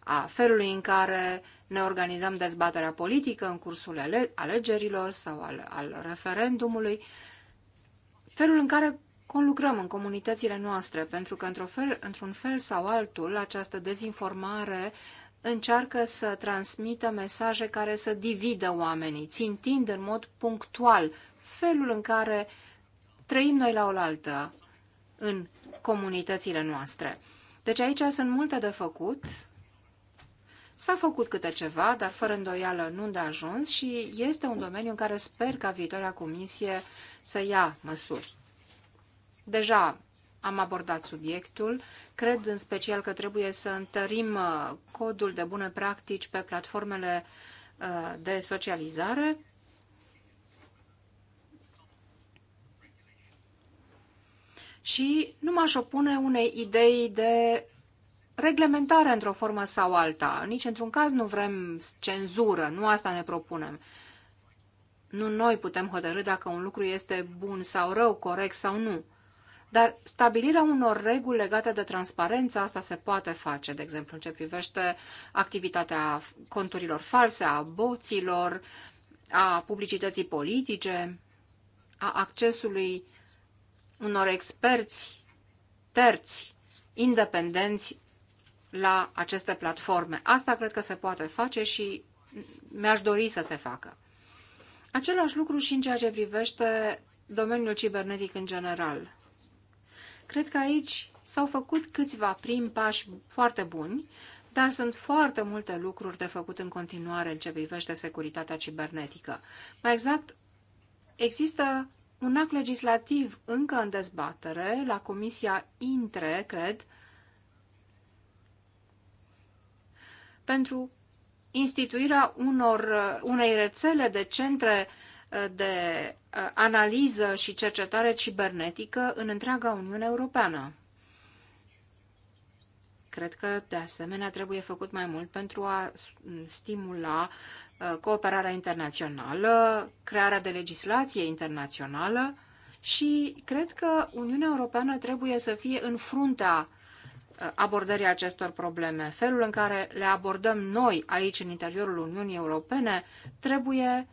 a felului în care ne organizăm dezbaterea politică în cursul alegerilor sau al, al referendumului, felul în care conlucrăm în comunitățile noastre, pentru că, într-un fel, într fel sau altul, această dezinformare încearcă să transmită mesaje care să dividă oamenii, țintind în mod punctual felul în care trăim noi la oaltă în comunitățile noastre. Deci aici sunt multe de făcut. S-a făcut câte ceva, dar fără îndoială nu de ajuns și este un domeniu în care sper ca viitoarea comisie să ia măsuri. Deja am abordat subiectul. Cred în special că trebuie să întărim uh, codul de bune practici pe platformele uh, de socializare. Și nu m-aș opune unei idei de reglementare într-o formă sau alta. Nici într-un caz nu vrem cenzură, nu asta ne propunem. Nu noi putem hotărâ dacă un lucru este bun sau rău, corect sau nu. Dar stabilirea unor reguli legate de transparență, asta se poate face, de exemplu, în ce privește activitatea conturilor false, a boților, a publicității politice, a accesului unor experți terți, independenți la aceste platforme. Asta cred că se poate face și mi-aș dori să se facă. Același lucru și în ceea ce privește domeniul cibernetic în general. Cred că aici s-au făcut câțiva primi pași foarte buni, dar sunt foarte multe lucruri de făcut în continuare în ce privește securitatea cibernetică. Mai exact, există un act legislativ încă în dezbatere la Comisia INTRE, cred, pentru instituirea unor, unei rețele de centre de Uh, analiză și cercetare cibernetică în întreaga Uniune Europeană. Cred că, de asemenea, trebuie făcut mai mult pentru a stimula uh, cooperarea internațională, crearea de legislație internațională și cred că Uniunea Europeană trebuie să fie în fruntea uh, abordării acestor probleme. Felul în care le abordăm noi aici, în interiorul Uniunii Europene, trebuie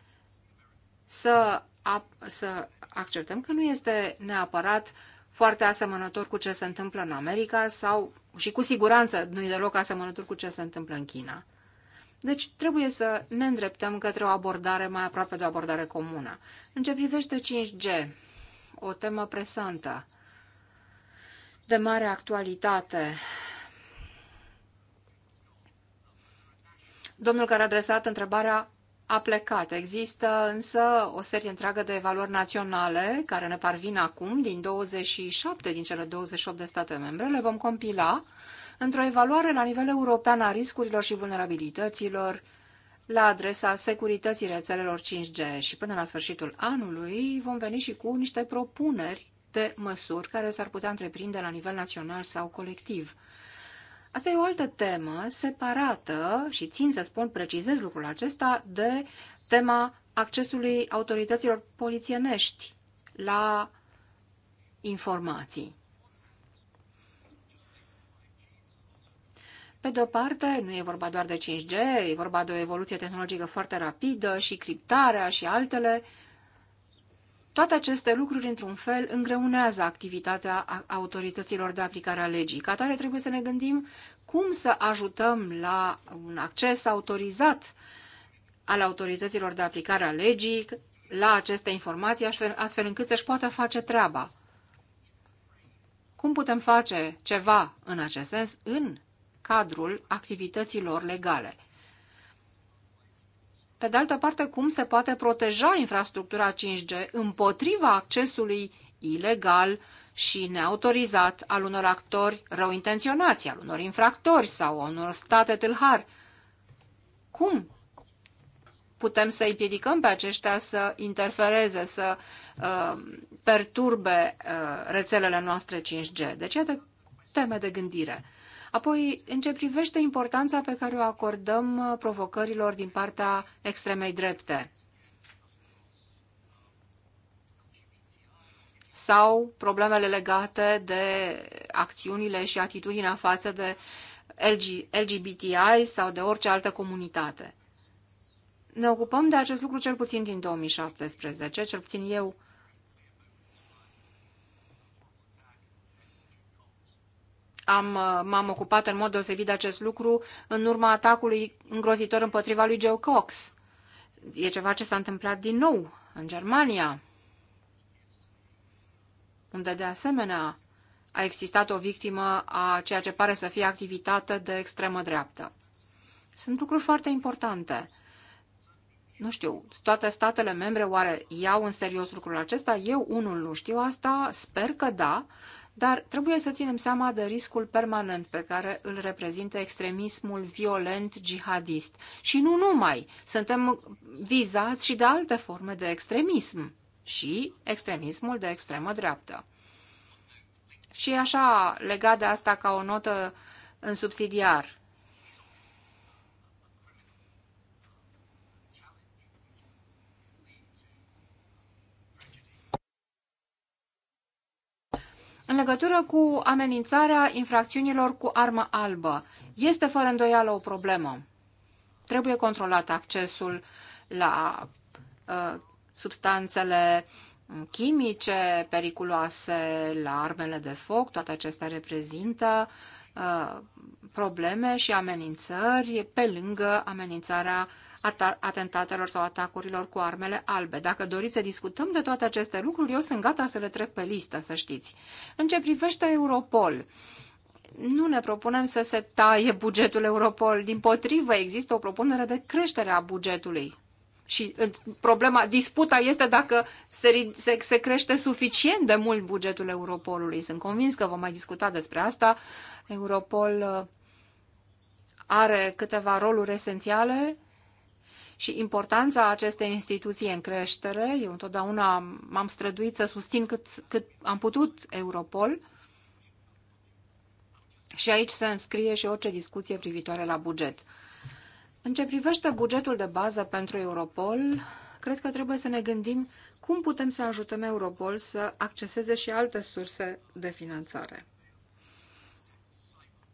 să a, să acceptăm că nu este neapărat foarte asemănător cu ce se întâmplă în America sau și cu siguranță nu e deloc asemănător cu ce se întâmplă în China. Deci trebuie să ne îndreptăm către o abordare mai aproape de o abordare comună. În ce privește 5G, o temă presantă, de mare actualitate. Domnul care a adresat întrebarea a plecat. Există însă o serie întreagă de evaluări naționale care ne parvin acum din 27 din cele 28 de state membre. Le vom compila într-o evaluare la nivel european a riscurilor și vulnerabilităților la adresa securității rețelelor 5G și până la sfârșitul anului vom veni și cu niște propuneri de măsuri care s-ar putea întreprinde la nivel național sau colectiv. Asta e o altă temă separată și țin să spun, precizez lucrul acesta, de tema accesului autorităților polițienești la informații. Pe de o parte, nu e vorba doar de 5G, e vorba de o evoluție tehnologică foarte rapidă și criptarea și altele uh, toate aceste lucruri, într-un fel, îngreunează activitatea autorităților de aplicare a legii. Ca tare trebuie să ne gândim cum să ajutăm la un acces autorizat al autorităților de aplicare a legii la aceste informații, astfel încât să-și poată face treaba. Cum putem face ceva în acest sens în cadrul activităților legale? pe de altă parte, cum se poate proteja infrastructura 5G împotriva accesului ilegal și neautorizat al unor actori rău intenționați, al unor infractori sau al unor state tâlhar? Cum putem să împiedicăm pe aceștia să interfereze, să uh, perturbe uh, rețelele noastre 5G? Deci, iată teme de gândire. Apoi, în ce privește importanța pe care o acordăm uh, provocărilor din partea extremei drepte sau problemele legate de acțiunile și atitudinea față de LGBTI sau de orice altă comunitate. Ne ocupăm de acest lucru cel puțin din 2017, cel puțin eu Am, uh, m-am ocupat în mod deosebit de acest lucru în urma atacului îngrozitor împotriva lui Joe Cox. E ceva ce s-a întâmplat din nou în Germania, unde de asemenea a existat o victimă a ceea ce pare să fie activitate de extremă dreaptă. Sunt lucruri foarte importante nu știu, toate statele membre oare iau în serios lucrul acesta? Eu unul nu știu asta, sper că da, dar trebuie să ținem seama de riscul permanent pe care îl reprezintă extremismul violent jihadist. Și nu numai, suntem vizați și de alte forme de extremism și extremismul de extremă dreaptă. Și așa, legat de asta ca o notă în subsidiar, În legătură cu amenințarea infracțiunilor cu armă albă, este fără îndoială o problemă. Trebuie controlat accesul la uh, substanțele chimice periculoase, la armele de foc, toate acestea reprezintă uh, probleme și amenințări pe lângă amenințarea atentatelor sau atacurilor cu armele albe. Dacă doriți să discutăm de toate aceste lucruri, eu sunt gata să le trec pe listă, să știți. În ce privește Europol, nu ne propunem să se taie bugetul Europol. Din potrivă, există o propunere de creștere a bugetului. Și problema, disputa este dacă se, se, se crește suficient de mult bugetul Europolului. Sunt convins că vom mai discuta despre asta. Europol uh, are câteva roluri esențiale și importanța acestei instituții în creștere. Eu întotdeauna m-am străduit să susțin cât, cât am putut Europol și aici se înscrie și orice discuție privitoare la buget. În ce privește bugetul de bază pentru Europol, cred că trebuie să ne gândim cum putem să ajutăm Europol să acceseze și alte surse de finanțare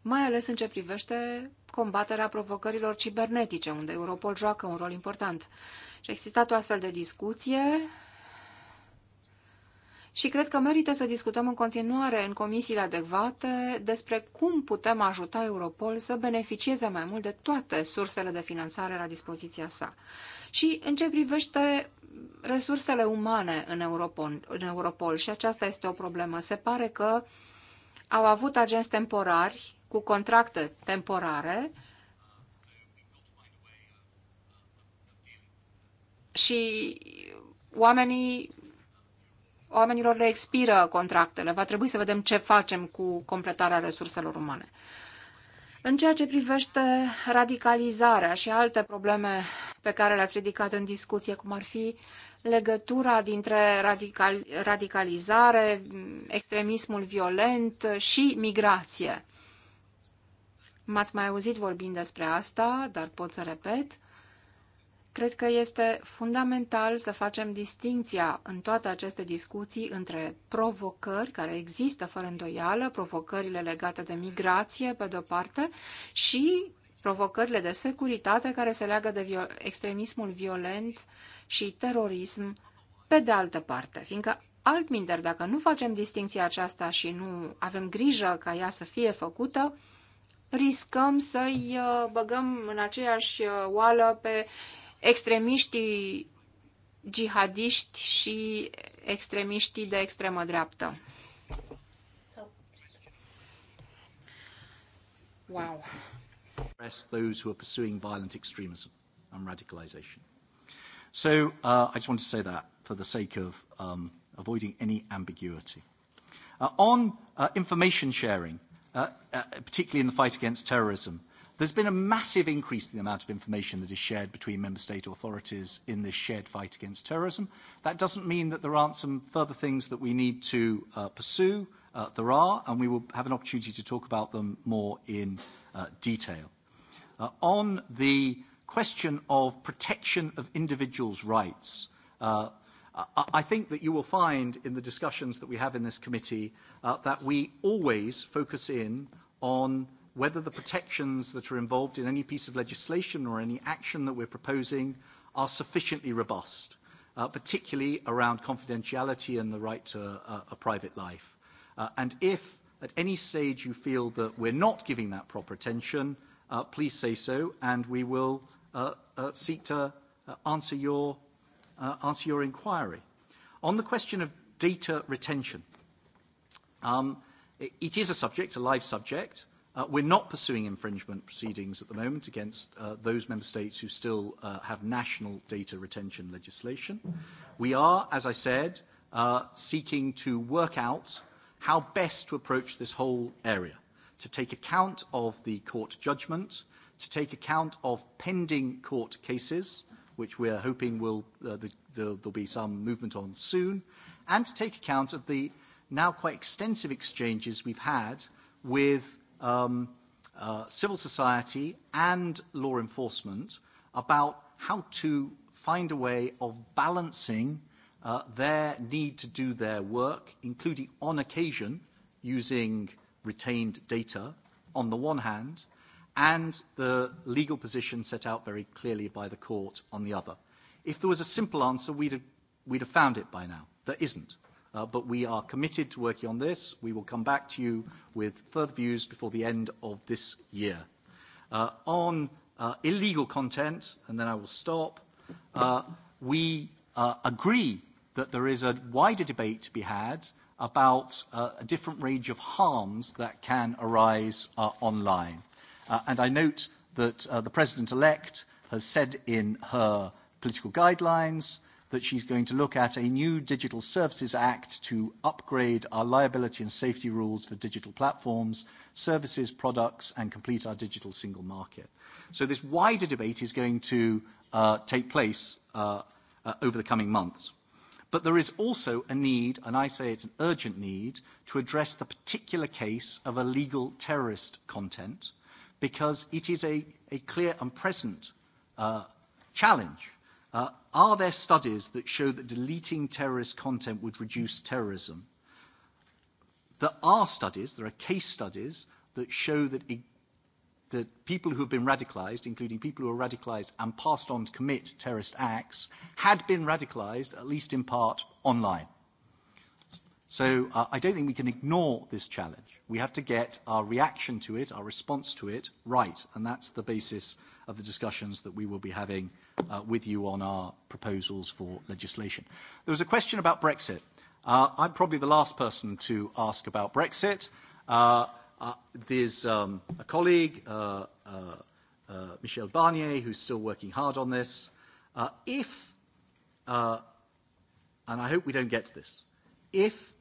mai ales în ce privește combaterea provocărilor cibernetice, unde Europol joacă un rol important. Și a existat o astfel de discuție și cred că merită să discutăm în continuare în comisiile adecvate despre cum putem ajuta Europol să beneficieze mai mult de toate sursele de finanțare la dispoziția sa. Și în ce privește resursele umane în Europol, în Europol și aceasta este o problemă, se pare că au avut agenți temporari cu contracte temporare și oamenii, oamenilor le expiră contractele. Va trebui să vedem ce facem cu completarea resurselor umane. În ceea ce privește radicalizarea și alte probleme pe care le-ați ridicat în discuție, cum ar fi legătura dintre radical, radicalizare, extremismul violent și migrație. M-ați mai auzit vorbind despre asta, dar pot să repet. Cred că este fundamental să facem distinția în toate aceste discuții între provocări care există fără îndoială, provocările legate de migrație pe de-o parte și provocările de securitate care se leagă de viol- extremismul violent și terorism pe de altă parte, fiindcă altminteri, dacă nu facem distinția aceasta și nu avem grijă ca ea să fie făcută, riscăm să-i uh, băgăm în aceeași uh, oală pe extremiștii jihadiști și extremiștii de extremă dreaptă. Wow. Those who are pursuing violent extremism and radicalization. So uh, I just want to say that for the sake of um, avoiding any ambiguity. Uh, on uh, information sharing, Uh, uh, particularly in the fight against terrorism. There's been a massive increase in the amount of information that is shared between member state authorities in this shared fight against terrorism. That doesn't mean that there aren't some further things that we need to uh, pursue. Uh, there are, and we will have an opportunity to talk about them more in uh, detail. Uh, on the question of protection of individuals' rights, uh, I think that you will find in the discussions that we have in this committee uh, that we always focus in on whether the protections that are involved in any piece of legislation or any action that we're proposing are sufficiently robust, uh, particularly around confidentiality and the right to a private life. Uh, and if at any stage you feel that we're not giving that proper attention, uh, please say so, and we will uh, uh, seek to uh, answer your Uh, answer your inquiry. On the question of data retention, um, it, is a subject, a live subject. Uh, we're not pursuing infringement proceedings at the moment against uh, those member states who still have national data retention legislation. We are, as I said, seeking to work out how best to approach this whole area, to take account of the court judgment, to take account of pending court cases, which we are hoping will, uh, the, the, there'll be some movement on soon, and to take account of the now quite extensive exchanges we've had with um, uh, civil society and law enforcement about how to find a way of balancing uh, their need to do their work, including on occasion using retained data on the one hand, and the legal position set out very clearly by the court on the other. If there was a simple answer, we'd have, we'd have found it by now. There isn't. Uh, but we are committed to working on this. We will come back to you with further views before the end of this year. Uh, on uh, illegal content, and then I will stop, uh, we uh, agree that there is a wider debate to be had about uh, a different range of harms that can arise uh, online. Uh, and I note that uh, the president-elect has said in her political guidelines that she's going to look at a new Digital Services Act to upgrade our liability and safety rules for digital platforms, services, products, and complete our digital single market. So this wider debate is going to uh, take place uh, uh, over the coming months. But there is also a need, and I say it's an urgent need, to address the particular case of illegal terrorist content because it is a, a clear and present uh, challenge. Uh, are there studies that show that deleting terrorist content would reduce terrorism? There are studies, there are case studies that show that, it, that people who have been radicalized, including people who are radicalized and passed on to commit terrorist acts, had been radicalized, at least in part, online. So uh, I don't think we can ignore this challenge. We have to get our reaction to it, our response to it, right. And that's the basis of the discussions that we will be having uh, with you on our proposals for legislation. There was a question about Brexit. Uh, I'm probably the last person to ask about Brexit. Uh, uh, there's um, a colleague, uh, uh, uh, Michel Barnier, who's still working hard on this. Uh, if, uh, and I hope we don't get to this, if